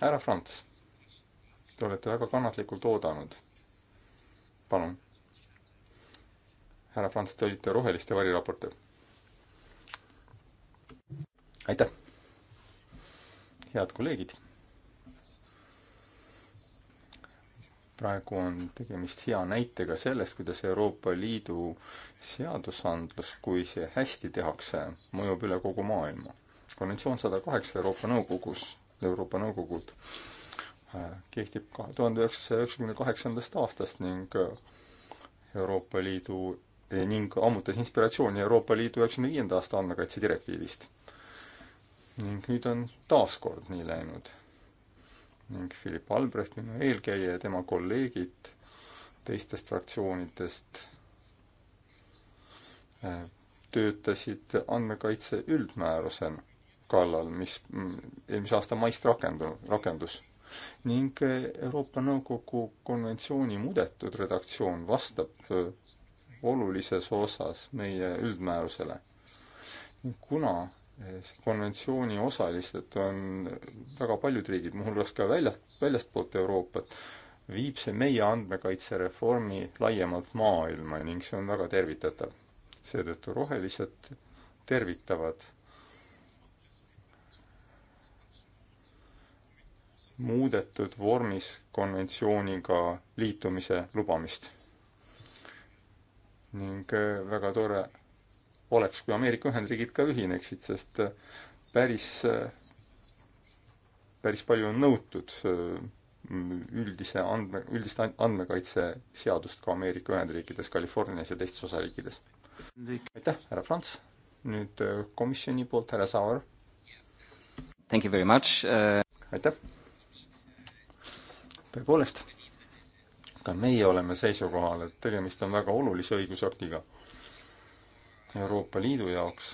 S1: härra Franz, te olete väga kannatlikult oodanud. palun. härra Franz, te olite roheliste variraportöör. aitäh. head kolleegid. praegu on tegemist hea näitega sellest, kuidas Euroopa Liidu seadusandlus, kui see hästi tehakse, mõjub üle kogu maailma. konventsioon sada kaheksa Euroopa Nõukogus Euroopa Nõukogult äh, kehtib kahe tuhande üheksasaja üheksakümne kaheksandast aastast ning äh, Euroopa Liidu eh, ning ammutas inspiratsiooni Euroopa Liidu üheksakümne viienda aasta andmekaitse direktiivist. ning nüüd on taas kord nii läinud. ning Philip Albrecht, minu eelkäija ja tema kolleegid teistest fraktsioonidest äh, töötasid andmekaitse üldmääruse kallal, mis mm, eelmise aasta maist rakendu-, rakendus. ning eh, Euroopa Nõukogu konventsiooni muudetud redaktsioon vastab eh, olulises osas meie üldmäärusele. kuna eh, konventsiooni osalised on väga paljud riigid, muuhulgas ka välja, väljastpoolt Euroopat, viib see meie andmekaitsereformi laiemalt maailma ning see on väga tervitatav. seetõttu rohelised tervitavad muudetud vormis konventsiooniga liitumise lubamist. ning äh, väga tore oleks, kui Ameerika Ühendriigid ka ühineksid, sest äh, päris, äh, päris palju on nõutud üldise andme, üldist andmekaitseseadust ka Ameerika Ühendriikides, Californias ja teistes osariikides. aitäh, härra Franz, nüüd komisjoni poolt härra Saar. Thank you very much uh.... aitäh tõepoolest, ka meie oleme seisukohal, et tegemist on väga olulise õigusaktiga Euroopa Liidu jaoks,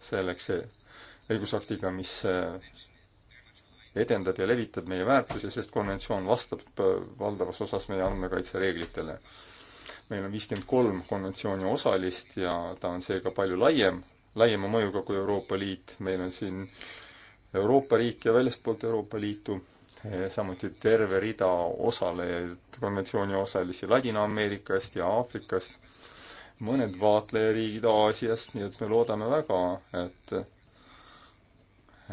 S1: selleks õigusaktiga, mis eh, edendab ja levitab meie väärtusi, sest konventsioon vastab eh, valdavas osas meie andmekaitsereeglitele. meil on viiskümmend kolm konventsiooni osalist ja ta on seega palju laiem, laiema mõjuga kui Euroopa Liit, meil on siin Euroopa riik ja väljastpoolt Euroopa Liitu Eh, samuti terve rida osalejaid, konventsiooni osalisi Ladina-Ameerikast ja Aafrikast, mõned vaatlejariigid Aasiast, nii et me loodame väga, et,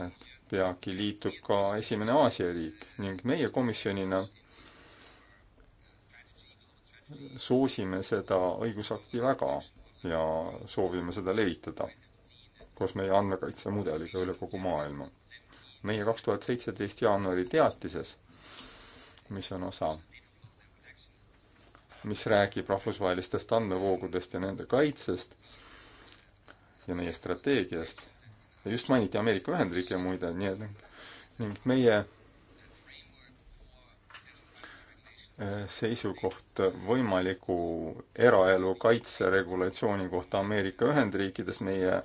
S1: et peagi liitub ka esimene Aasia riik ning meie komisjonina soosime seda õigusakti väga ja soovime seda levitada koos meie andmekaitsemudeliga üle kogu maailma meie kaks tuhat seitseteist jaanuari teatises, mis on osa, mis räägib rahvusvahelistest andmevoogudest ja nende kaitsest ja meie strateegiast. just mainiti Ameerika Ühendriike muide, nii et ning meie äh, seisukoht võimaliku eraelu kaitse regulatsiooni kohta Ameerika Ühendriikides, meie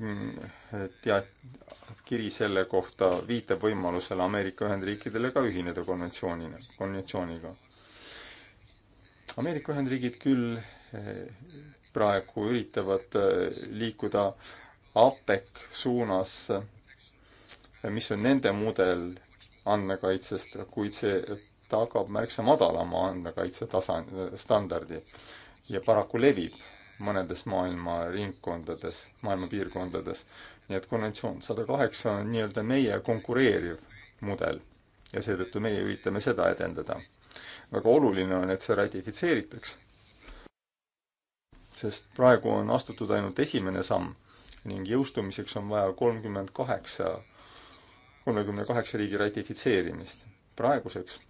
S1: Eh, teat-, kiri selle kohta viitab võimalusele Ameerika Ühendriikidele ka ühineda konventsioonina, konventsiooniga. Ameerika Ühendriigid küll eh, praegu üritavad eh, liikuda APEC suunas, mis on nende mudel andmekaitsest, kuid see tagab märksa madalama andmekaitse tasand, standardi ja paraku levib mõnedes maailma ringkondades, maailma piirkondades. nii et konventsioon sada kaheksa on nii-öelda meie konkureeriv mudel ja seetõttu meie üritame seda edendada. väga oluline on, et see ratifitseeritaks, sest praegu on astutud ainult esimene samm ning jõustumiseks on vaja kolmkümmend kaheksa, kolmekümne kaheksa riigi ratifitseerimist. praeguseks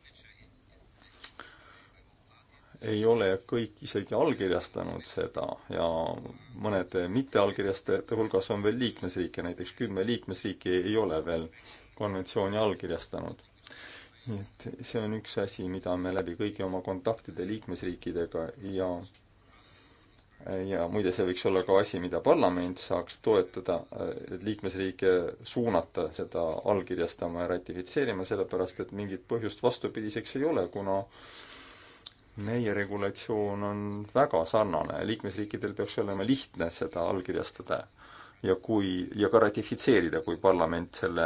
S1: ei ole kõik isegi allkirjastanud seda ja mõnede mitteallkirjastajate hulgas on veel liikmesriike, näiteks kümme liikmesriiki ei ole veel konventsiooni allkirjastanud. nii et see on üks asi, mida me läbi kõigi oma kontaktide liikmesriikidega ja ja muide, see võiks olla ka asi, mida parlament saaks toetada, et liikmesriike suunata seda allkirjastama ja ratifitseerima, sellepärast et mingit põhjust vastupidiseks ei ole, kuna äh, meie regulatsioon on väga sarnane, liikmesriikidel peaks olema lihtne seda allkirjastada ja kui, ja ka ratifitseerida, kui parlament selle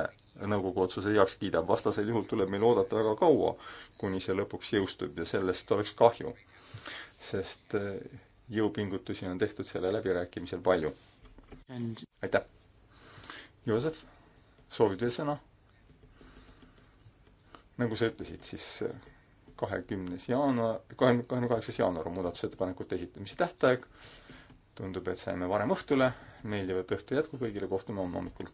S1: nõukogu otsuse heaks kiidab, vastasel juhul tuleb meil oodata väga kaua, kuni see lõpuks jõustub ja sellest oleks kahju. sest eh, jõupingutusi on tehtud selle läbirääkimisel palju. aitäh! Joosep, soovid veel sõna? nagu sa ütlesid, siis eh, kahekümnes jaanuar, kahekümne, kahekümne kaheksas jaanuar on muudatusettepanekute esitamise tähtaeg. tundub, et saime varem õhtule, meeldivat õhtu jätku kõigile, kohtume homme hommikul!